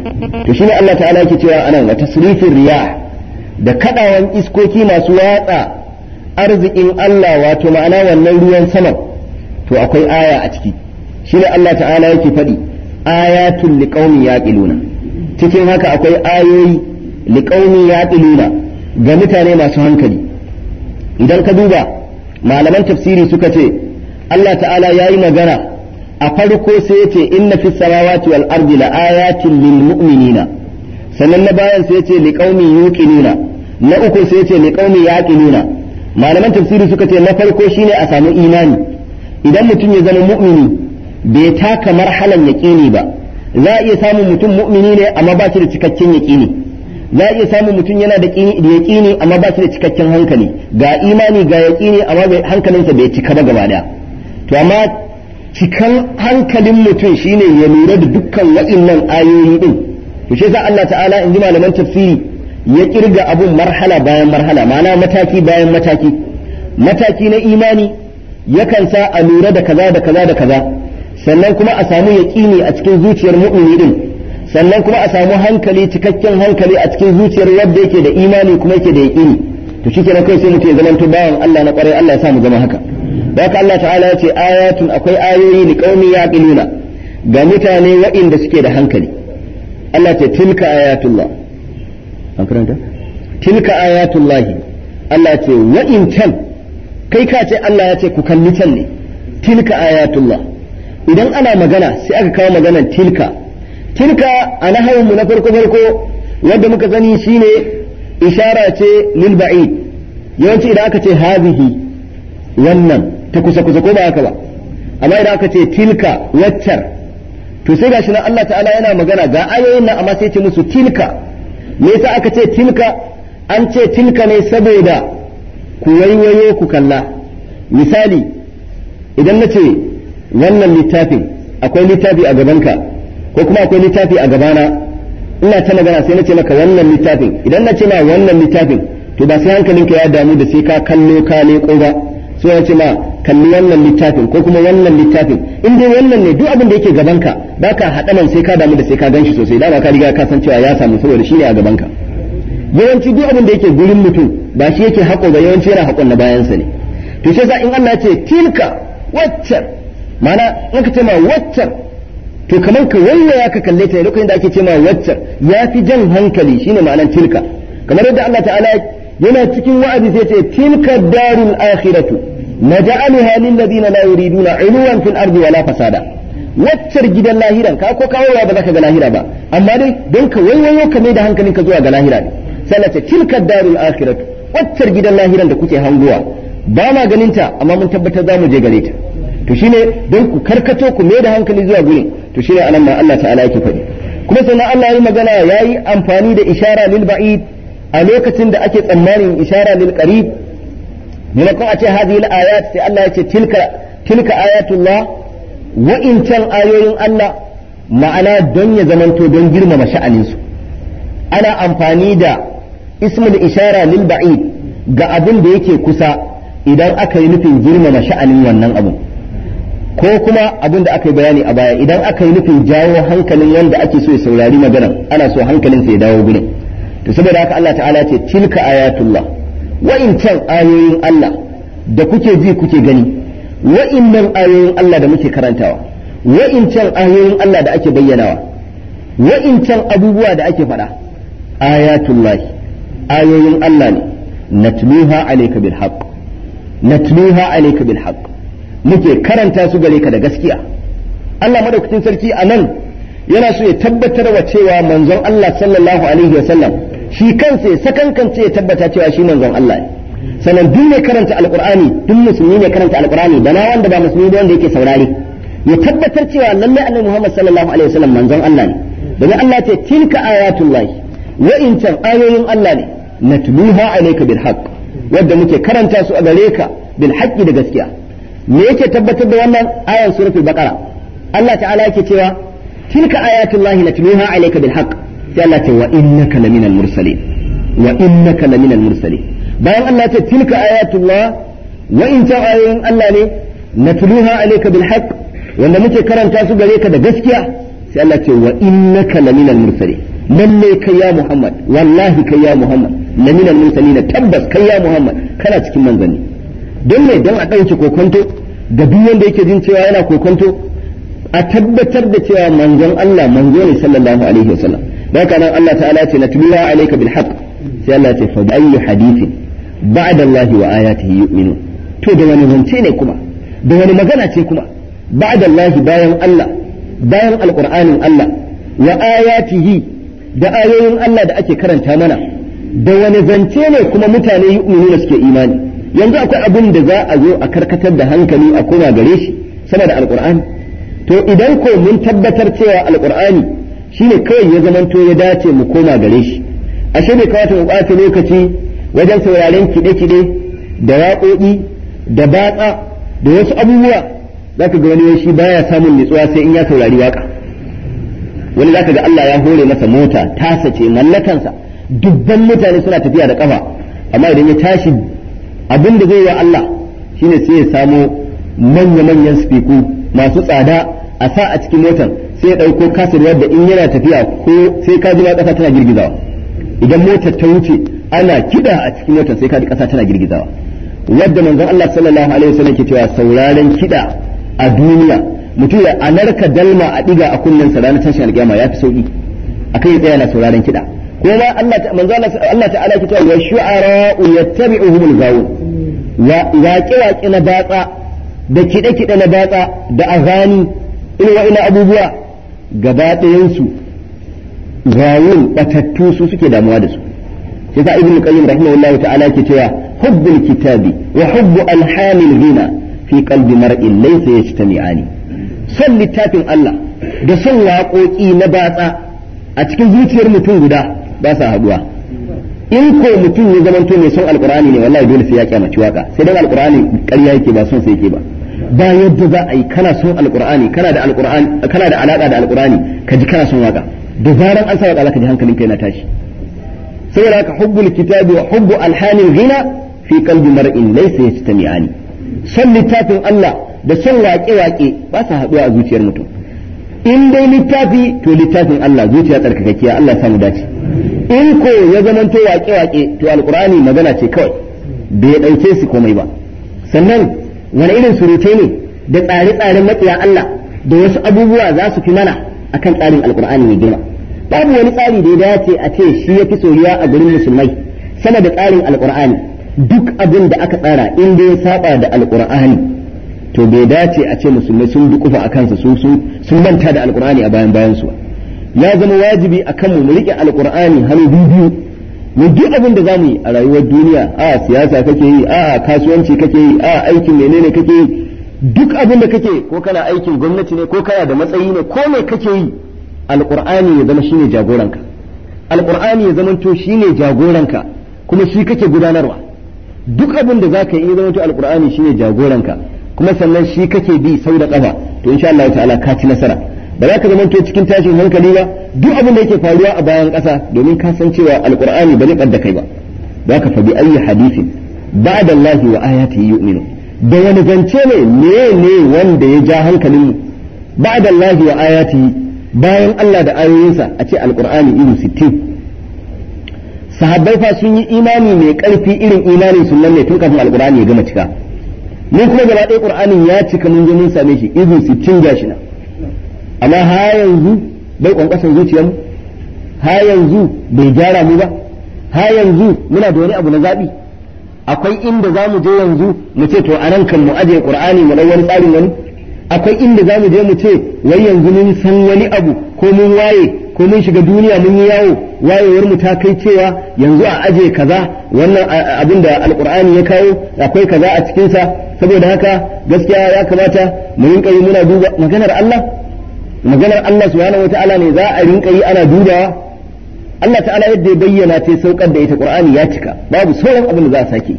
S1: to shi ne Allah ta'ala yake cewa anan wa tasrifin riya da kaɗawan iskoki masu watsa arzikin Allah wato ma'ana wannan ruwan sama to akwai aya a ciki shine Allah ta'ala yake faɗi ayatul liqaumi yaqiluna cikin haka akwai ayoyi liqaumi yaqiluna ga mutane masu hankali idan ka duba malaman tafsiri suka ce Allah ta'ala yayi magana a farko sai ya ce inna fis samawati wal ardi la ayatin lil mu'minina sannan na bayan sai ce li qaumi yuqinuna na uku sai ce li qaumi yaqinuna malaman tafsiri suka ce na farko shine a samu imani idan mutum ya zama mu'mini bai taka marhalan yaqini ba za a iya samun mutum mu'mini ne amma ba shi da cikakken yaqini za a iya samun mutum yana da yaqini amma ba shi da cikakken hankali ga imani ga yaqini amma bai hankalinsa bai cika ba gaba daya to amma cikan hankalin mutum shine ya lura da dukkan wa'innan ayoyi din to shi yasa Allah ta'ala in ji malaman tafsiri ya kirga abun marhala bayan marhala ma'ana mataki bayan mataki mataki na imani yakan sa a lura da kaza da kaza da kaza sannan kuma a samu yaƙini a cikin zuciyar mu'mini din sannan kuma a samu hankali cikakken hankali a cikin zuciyar yadda yake da imani kuma yake da yaƙini to shi kenan kai sai mutum ya zamanto bayan Allah na ƙwarai Allah ya sa mu zama haka da Allah ta'ala ya ce ayatun akwai ayoyi li qaumi yaqiluna ga mutane waɗanda suke da hankali Allah ce tilka ayatullah an karanta tilka ayatullahi Allah ce wa in can kai ka ce Allah ya ce ku kalli can ne tilka ayatullah idan ana magana sai aka kawo maganar tilka tilka a mu na farko farko wanda muka sani shine ishara ce lil ba'id yawanci idan aka ce hazihi wannan ta kusa kusa ko ba haka ba amma idan aka ce tilka waccar to sai gashi nan Allah ta'ala yana magana ga ayoyin nan amma sai ce musu tilka me yasa aka ce tilka an ce tilka ne saboda ku waiwayo ku kalla misali idan nace wannan littafin akwai littafi a gabanka ko kuma akwai littafi a gabana ina ta magana sai nace ce maka wannan littafin idan nace ma wannan littafin to ba sai hankalinka ya damu da sai ka kallo ka leko ba sai nace ma kalli wannan littafin ko kuma wannan littafin in dai wannan ne duk abin da yake gabanka ba ka haɗa nan sai ka damu da sai ka ganshi sosai da ba ka riga ka san cewa ya samu saboda shine a gaban ka. yawanci duk abin da yake gurin mutum ba shi yake haƙo ba yawanci yana haƙon na bayansa ne to sai in Allah ya ce tilka waccar mana in ka ce ma waccar to kamar ka ya ka kalle ta lokacin da ake ce ma waccar ya fi jan hankali shine ma'anar tilka kamar yadda Allah ta'ala yana cikin wa'azi sai ya ce tilka darul akhiratu halin lil ladina la yuriduna 'uluwan fil ardi wala fasada waccar gidan lahiran ka ko kawowa ba za ka ga lahira ba amma dai don ka waiwayo ka mai da hankalin ka zuwa ga lahira ne sai ce tilka darul akhiratu waccar gidan lahiran da kuke hanguwa ba ma ganin ta amma mun tabbatar za mu je gare ta to shine don ku karkato ku mai da hankali zuwa gurin to shine anan ma Allah ta'ala yake faɗi kuma sai Allah yayi magana yayi amfani da ishara lil ba'id a lokacin da ake tsammanin ishara lil qarib maimakon a ce hadhihi ayat sai Allah ya ce tilka tilka ayatullah wa'incan ayoyin Allah ma'ana don ya zamanto don girmama su ana amfani da ismul ishara lil ba'id ga abin da yake kusa idan aka yi nufin girmama sha'anin wannan abu ko kuma abin da aka yi bayani a baya idan aka yi nufin jawo hankalin wanda ake so ya saurari magana ana so hankalinsa ya dawo gurin to saboda haka Allah ta'ala ce tilka ayatullah wa'incan ayoyin Allah da kuke ji kuke gani wa'innan ayoyin Allah da muke karantawa wa'incan ayoyin Allah da ake bayyanawa wa'incan abubuwa da ake faɗa ayatullahi ayoyin Allah ne natluha alayka bil natluha alayka bil muke karanta su gare ka da gaskiya Allah madaukakin sarki anan yana so ya tabbatar wa cewa manzon Allah sallallahu alaihi wa sallam shi kansa ya sakankance ya tabbata cewa shi manzon Allah ne sannan duk mai karanta alqur'ani duk musulmi ne karanta alqur'ani da na wanda ba musulmi ba wanda yake saurare ya tabbatar cewa lallai annabi Muhammad sallallahu alaihi wasallam manzon Allah ne domin Allah ce tilka ayatullahi wa in can ayoyin Allah ne natluha alayka bil haqq wanda muke karanta su a gare ka bil haqqi da gaskiya me yake tabbatar da wannan ayan suratul baqara Allah ta'ala yake cewa tilka ayatullahi natluha alayka bil haqq sai Allah ce wa innaka laminal mursalin wa innaka bayan Allah ce tilka ayatullah wa in ta ayoyin Allah ne natluha alayka bil haqq wanda muke karanta su gare ka da gaskiya sai Allah ce wa innaka laminal mursalin lalle kai ya Muhammad wallahi kai ya Muhammad laminal na tabbas kai ya Muhammad kana cikin manzanni don me don a ɗauke kokonto ga duk wanda yake jin cewa yana kokonto a tabbatar da cewa manzon Allah manzo ne sallallahu alaihi wasallam da Allah ta'ala ce natluha alayka bil haqq sai Allah ce fa ayi hadithin ba'da Allah wa ayatihi yu'minun to da wani zance ne kuma da wani magana ce kuma ba'da Allah bayan Allah bayan alqur'anin Allah wa ayatihi da ayoyin Allah da ake karanta mana da wani zance ne kuma mutane yu'minuna suke imani yanzu akwai abin da za a zo a karkatar da hankali a koma gare shi sama da to idan ko mun tabbatar cewa al'kur'ani. shine kawai ya zamanto ya dace mu koma gare shi ashe bai kawata mu ɓata lokaci wajen sauraren kiɗe-kiɗe da waƙoƙi da batsa da wasu abubuwa zaka ga wani shi baya samun nutsuwa sai in ya saurari waka wani zaka ga Allah ya hore masa mota tasa ce mallakansa dubban mutane suna tafiya da kafa amma idan ya tashi abin da zai yi Allah shine sai ya samo manya-manyan spiku masu tsada a sa a cikin motar sai ya ɗauko kasar yadda in yana tafiya ko sai ka ji ƙasa tana girgizawa idan motar ta wuce ana kida a cikin motar sai ka ji ƙasa tana girgizawa wadda manzan Allah sallallahu alaihi wasallam ke cewa sauraron kida a duniya mutum ya anarka dalma a diga a kunnen sa ranar tashin alƙiyama ya fi sauki akai ya tsaya na sauraron kida ko ma Allah ta manzon Allah ta'ala ke cewa shu'ara yattabi'uhumul gawun waƙe-waƙe na batsa da kide-kide na batsa da azani irin wa'ina abubuwa gaba ɗayansu gayun ɓatattu su suke damuwa da su sai sa ibnu qayyim rahimahullah ta'ala ke cewa hubbul kitabi wa hubbu alhamil ghina fi qalbi mar'in laysa yajtami'ani son littafin Allah da son waƙoƙi na batsa a cikin zuciyar mutum guda ba sa haduwa in ko mutum ya zamanto mai son alqur'ani ne wallahi dole sai ya kyamaci waka sai dan alqur'ani ƙarya yake ba son sai yake ba ba yadda za a yi kana son alkur'ani kana da alaƙa da alaka da alkurani ka ji kana son waka da zaran an sa waka ji hankalin hankalinka yana tashi saboda haka hubbul kitabi wa hubbu alhanin ghina fi qalbi mar'in laysa yajtami'ani son littafin Allah da son waƙe-waƙe ba sa haɗuwa a zuciyar mutum in dai littafi to littafin Allah zuciya tsarkakakkiya Allah ya samu dace in ko ya zamanto waƙe-waƙe to alkur'ani magana ce kawai bai ɗauke su komai ba sannan wani irin surutai ne da tsare-tsaren maƙiya Allah da wasu abubuwa za su fi mana akan tsarin alkur'ani mai girma babu wani tsari da ya dace a ce shi ya fi soyuwa a gurin musulmai sama da tsarin alkur'ani duk abin da aka tsara in ya saba da alkur'ani to bai dace a ce musulmai sun dukufa a kansa sun sun manta da alkur'ani a bayan bayan su ya zama wajibi a kanmu mu riƙe alkur'ani hannu biyu mai duk abin da zamu yi a rayuwar duniya a siyasa kake yi a kasuwanci kake yi a aikin menene kake yi duk abin da kake ko kana aikin gwamnati ne ko kana da matsayi ne ko mai kake yi alqur'ani ya zama shine jagoranka alqur'ani ya zama to shine jagoranka kuma shi kake gudanarwa duk abin da zaka yi zama to alqur'ani shine jagoranka kuma sannan shi kake bi sau da kafa to insha Allah ta'ala ka ci nasara ba za ka zamanto cikin tashin hankali ba duk abin da yake faruwa a bayan ƙasa domin ka san cewa Alƙur'ani ba zai da kai ba za ka faɗi ayi hadisin da lahi wa yi yu'minu da wani zance ne ne ne wanda ya ja hankalin mu da lahi wa yi bayan Allah da ayoyinsa a ce Alƙur'ani irin sittin sahabbai fa sun yi imani mai ƙarfi irin imanin sunan ne tun kafin Alƙur'ani ya gama cika mun kuma gaba ɗaya ƙur'anin ya cika mun je mun same shi irin sittin gashi amma ha yanzu bai kwankwasan zuciyarmu ha yanzu bai gyara mu ba ha yanzu muna da wani abu na zaɓi akwai inda za mu je yanzu mu ce to anan kan mu ajiye qur'ani mu dan wani tsarin wani akwai inda za mu je mu ce wai yanzu mun san wani abu ko mun waye ko mun shiga duniya mun yi yawo wayewar mu ta kai cewa yanzu a aje kaza wannan abin da alqur'ani ya kawo akwai kaza a cikin sa saboda haka gaskiya ya kamata mu rinka yi muna duba maganar Allah maganar Allah subhanahu ta'ala ne za a rinka yi ana dubawa Allah ta'ala yadda ya bayyana ta saukar da ita Qur'ani ya cika babu sauran abin da za a sake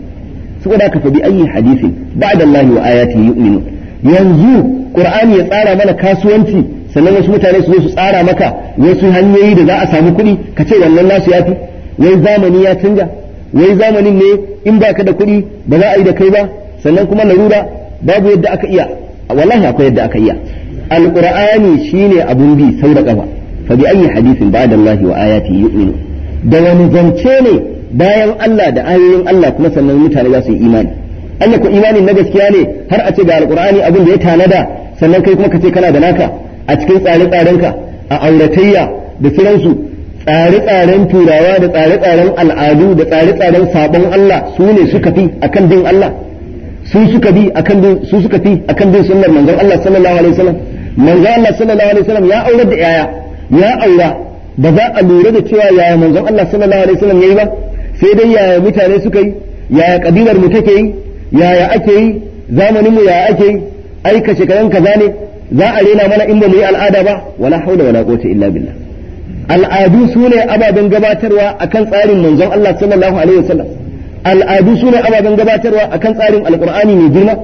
S1: saboda ka fa ayi hadisi ba'da Allah wa ayati yu'minu yanzu Qur'ani ya tsara mana kasuwanci sannan wasu mutane su zo su tsara maka wasu hanyoyi da za a samu kuɗi ka ce wannan nasu yafi wai zamani ya canja wai zamanin ne in ba ka da kuɗi ba za a yi da kai ba sannan kuma larura babu yadda aka iya wallahi akwai yadda aka iya alqur'ani shine abun bi sau da kafa fa bi ayi hadisin ba'da Allah wa ayati yu'minu da wani zance ne bayan Allah da ayoyin Allah kuma sannan mutane za su yi imani Allah ko imanin na gaskiya ne har a ce ga al'kur'ani abin da ya tanada sannan kai kuma ka ce kana da naka a cikin tsare-tsarenka a auratayya da sauransu tsare-tsaren turawa da tsare-tsaren al'adu da tsare-tsaren sabon Allah su ne suka fi akan bin Allah su suka bi akan bin su suka fi akan sunnar manzon Allah sallallahu alaihi wasallam manzon Allah sallallahu alaihi wasallam ya aure da yaya ya aura ba za a lura da cewa yaya manzon Allah sallallahu alaihi wasallam yayi ba sai dai yaya mutane suka yi yaya kabilar mu take yi yaya ake yi zamanin mu yaya ake yi ai ka shekaran kaza ne za a rena mana in ba mu yi al'ada ba wala haula wala quwwata illa billah al'adu su ne ababen gabatarwa akan tsarin manzon Allah sallallahu alaihi wasallam al'adu su ne ababen gabatarwa akan tsarin alqur'ani mai girma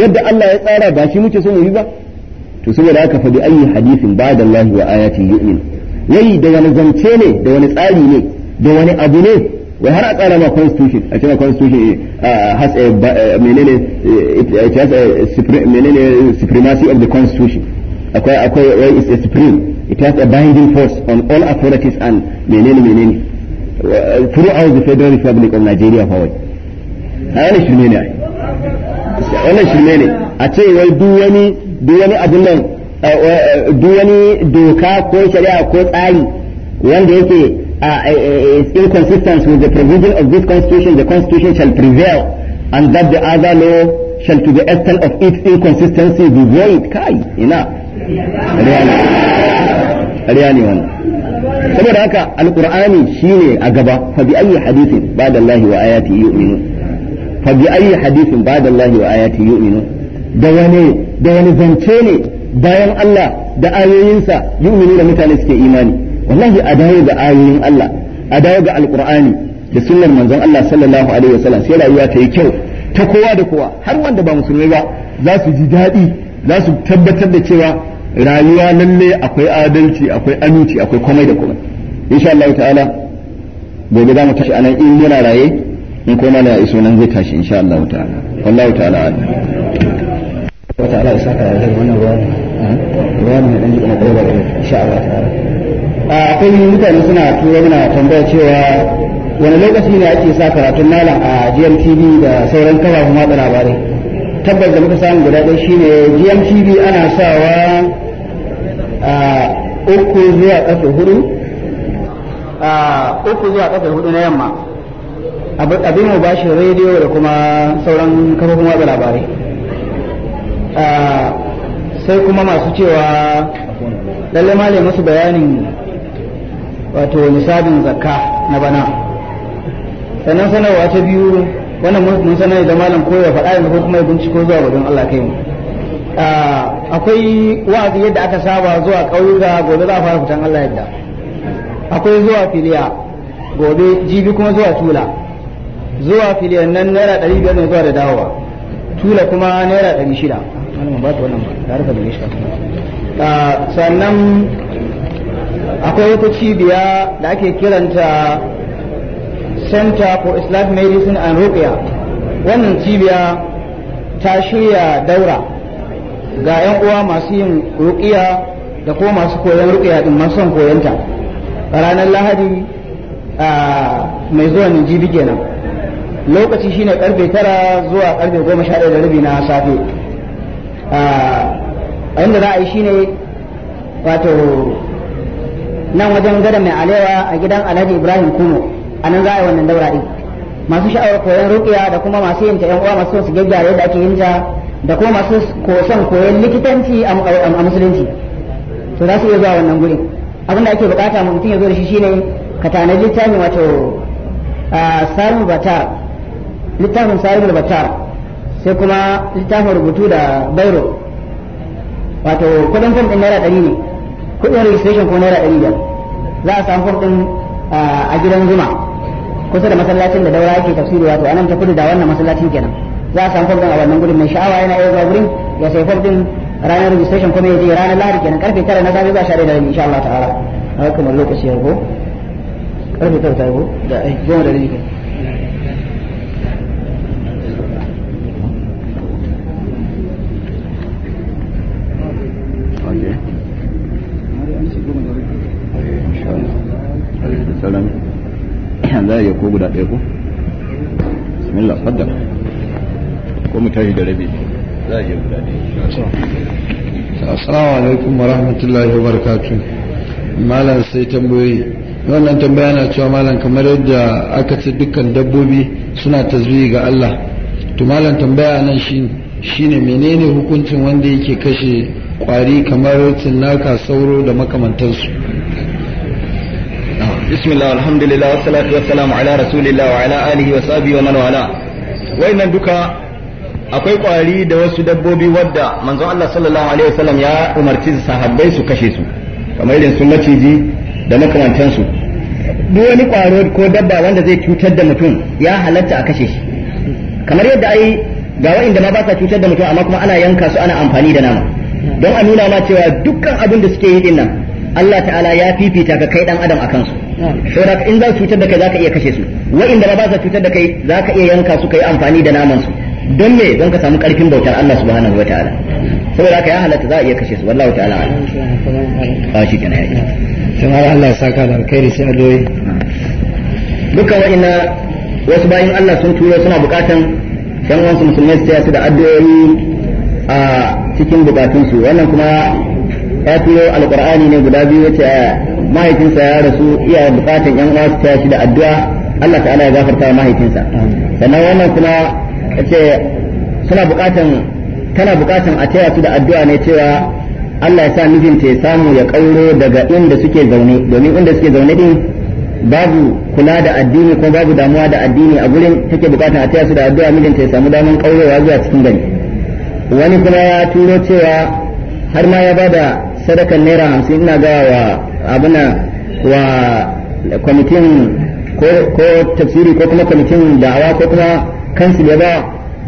S1: yadda Allah ya tsara ba shi muke so mu yi ba to saboda haka fa bi ayi hadisin ba'da Allah wa ayati yu'min yayi da wani zance ne da wani tsari ne da wani abu ne wai har a tsara ma constitution a cewa constitution eh, ah, has eh, a eh, menene it has a menene supremacy of the constitution akwai akwai wai is a supreme it has a binding force on all authorities and menene menene throughout the federal republic of Nigeria forward a wani shirme ne wannan shirme ne a ce wai duk wani duk wani abin nan eh, eh, eh, duk wani doka ko shari'a ko tsari wanda yake ah, is inconsistent with the provision of this constitution the constitution shall prevail and that the other law shall to the extent of its inconsistency be void kai ina riyani riyani saboda haka shi shine a gaba fa bi ayi ba da Allah wa ayati yu'minun fa bi ayi ba da Allah wa ayati yu'minun da wani da wani zance ne bayan Allah da ayoyinsa yi da mutane suke imani wallahi a dawo ga ayoyin Allah a dawo ga Alƙur'ani da sunnar manzon Allah sallallahu alaihi wasallam sai rayuwa ta yi kyau ta kowa da kowa har wanda ba musulmi ba za su ji daɗi za su tabbatar da cewa rayuwa lalle akwai adalci akwai aminci akwai komai da komai insha gobe za mu tashi anan in muna raye in kuma iso nan zai tashi insha Allah akwai mutane suna tura mana tambaya cewa wani lokaci ne ake sa karatun malam a GMTV da sauran kafafen watsa labarai tabbas da muka samu guda ɗaya shine GMTV ana sawa a uku zuwa ƙasa hudu na yamma abin mu bashi rediyo da kuma sauran kafofin watsa labarai Ah, sai kuma masu cewa lalle male masu bayanin wato misabin zakka na bana sannan sanarwa ta biyu wannan mun sanar da malam ko ya faɗa yanzu ko kuma ya binciko zuwa gudun Allah kai mu ah, akwai wa'azi yadda aka saba zuwa ƙauyuka gobe za a fara fitan Allah yadda akwai zuwa filiya gobe jibi kuma zuwa tula zuwa filiyan nan naira ɗari biyar ne zuwa da dawowa tula kuma naira ɗari shida sannan akwai wata cibiya da ake kiranta center for islamic medicine and ruqya wannan cibiya ta shirya daura ga 'yan uwa masu yin ruqya da ko masu koyon ruqya din masu son koyonta ranar lahadi mai zuwa jibi kenan lokaci shine karfe tara zuwa karfe goma sha da rabi na safe inda za a yi shine wato nan wajen gada mai alewa a gidan alhaji ibrahim kuno a nan za a yi wannan daura ɗin masu sha'awar koyon rukiya da kuma masu yin ta'yan uwa masu su gyaggyara yadda ake yin ta da kuma masu koson koyon likitanci a musulunci to za su iya zuwa wannan gurin abinda ake bukata mutum ya zo da shi shine ka tanadi littafin wato sarul batar littafin sarul batar sai kuma littafin rubutu da bairo wato kudin fom din naira ɗari ne kudin registration ko naira ɗari biyar za a samu fom din a gidan zuma kusa da masallacin da daura ake tafsiri wato anan ta kudu da wannan masallacin kenan za a samu fom din a wannan gudun mai sha'awa yana iya zuwa gurin ya sai fom din ranar registration kuma ya je ranar lahadi kenan karfe tara na safe za a share da rami insha Allah ta'ala a kuma lokaci yago karfe tara ta yago da goma da rami kenan guda ɗaya ko bismillah fadda ko mu tashi da rabi
S3: za a iya guda ɗaya assalamu alaikum wa rahmatullahi wa barakatu. malam sai tambayoyi wannan tambaya na cewa
S1: malam kamar yadda aka ce dukkan dabbobi suna tasbihi ga Allah to malam tambaya nan shi shine menene hukuncin wanda yake kashe kwari kamar tunaka sauro da makamantansu بسم الله والحمد لله والصلاة والسلام على رسول الله وعلى آله وصحبه ومن والاه وإن duka akwai kwari da wasu dabbobi wadda manzon Allah sallallahu alaihi wasallam ya umarci sahabbai su kashe su kamar irin su maciji da makamantansu duk wani kwaro ko dabba wanda zai cutar da mutum ya halatta a kashe shi kamar yadda ai ga wa'inda ma ba sa cutar da mutum amma kuma ana yanka su ana amfani da nama don a nuna ma cewa dukkan abin da suke yi din nan Allah ta'ala ya fifita ka kai dan adam akan su saboda in za su cutar da kai zaka iya kashe su inda ba za su cutar da kai zaka iya yanka su kai amfani da naman su don me don ka samu karfin bautar Allah subhanahu wa ta'ala saboda haka ya halatta za a iya kashe su wallahu ta'ala ba shi kana yi sai har Allah ya saka da kai sai adoyi dukkan wa'ina wasu bayin Allah sun turo suna bukatan yan uwansu musulmai su taya su da addu'o'i a cikin su wannan kuma ya turo alqur'ani ne guda biyu yace mahaifinsa ya rasu iya bukatan yan uwa su taya shi da addu'a Allah ta'ala ya gafarta mahaifinsa sannan wannan kuma yace suna bukatan tana bukatan a taya su da addu'a ne cewa Allah ya sa mijinta ya samu ya kauro daga inda suke zaune domin inda suke zaune din babu kula da addini ko babu damuwa da addini a gurin take bukatan a taya su da addu'a mijinta ya samu daman kaurewa zuwa cikin gari wani kuma ya turo cewa har ma ya bada sadakar naira hamsin ina gawa wa abuna wa kwamitin ko tafsiri ko kuma kwamitin da'awa ko kuma kansu ya ba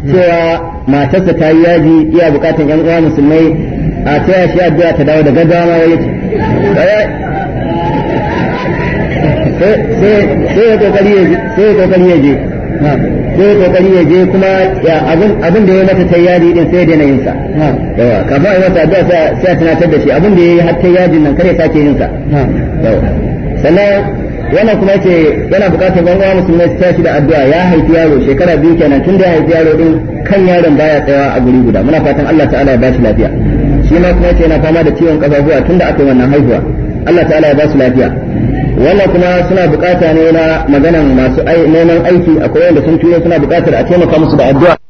S1: cewa matarsa ta yi yaji iya bukatan yan uwa musulmai a taya shi addu'a ta dawo da gaggawa wani ce eh, sai ya kokari ya je sai kokari ya je kuma abin da ya mata tayyadi din sai da yin sa yawa kafin ai mata da sai a tunatar da shi abin da yayi har tayyadin nan kare sake yinsa. sa yawa sannan wannan kuma ce yana bukatar ban musulmai su tashi da addu'a ya haifi yaro shekara biyu kenan tun da ya haifi yaro din kan yaron baya tsayawa a guri guda muna fatan Allah ta'ala ya ba shi lafiya shi ma kuma ce yana fama da ciwon kafafuwa tun da aka yi wannan haihuwa Allah ta'ala ya ba lafiya wannan kuma suna bukata ne na maganan masu neman aiki koyon wanda sun tuyo suna bukatar a taimaka musu da addu'a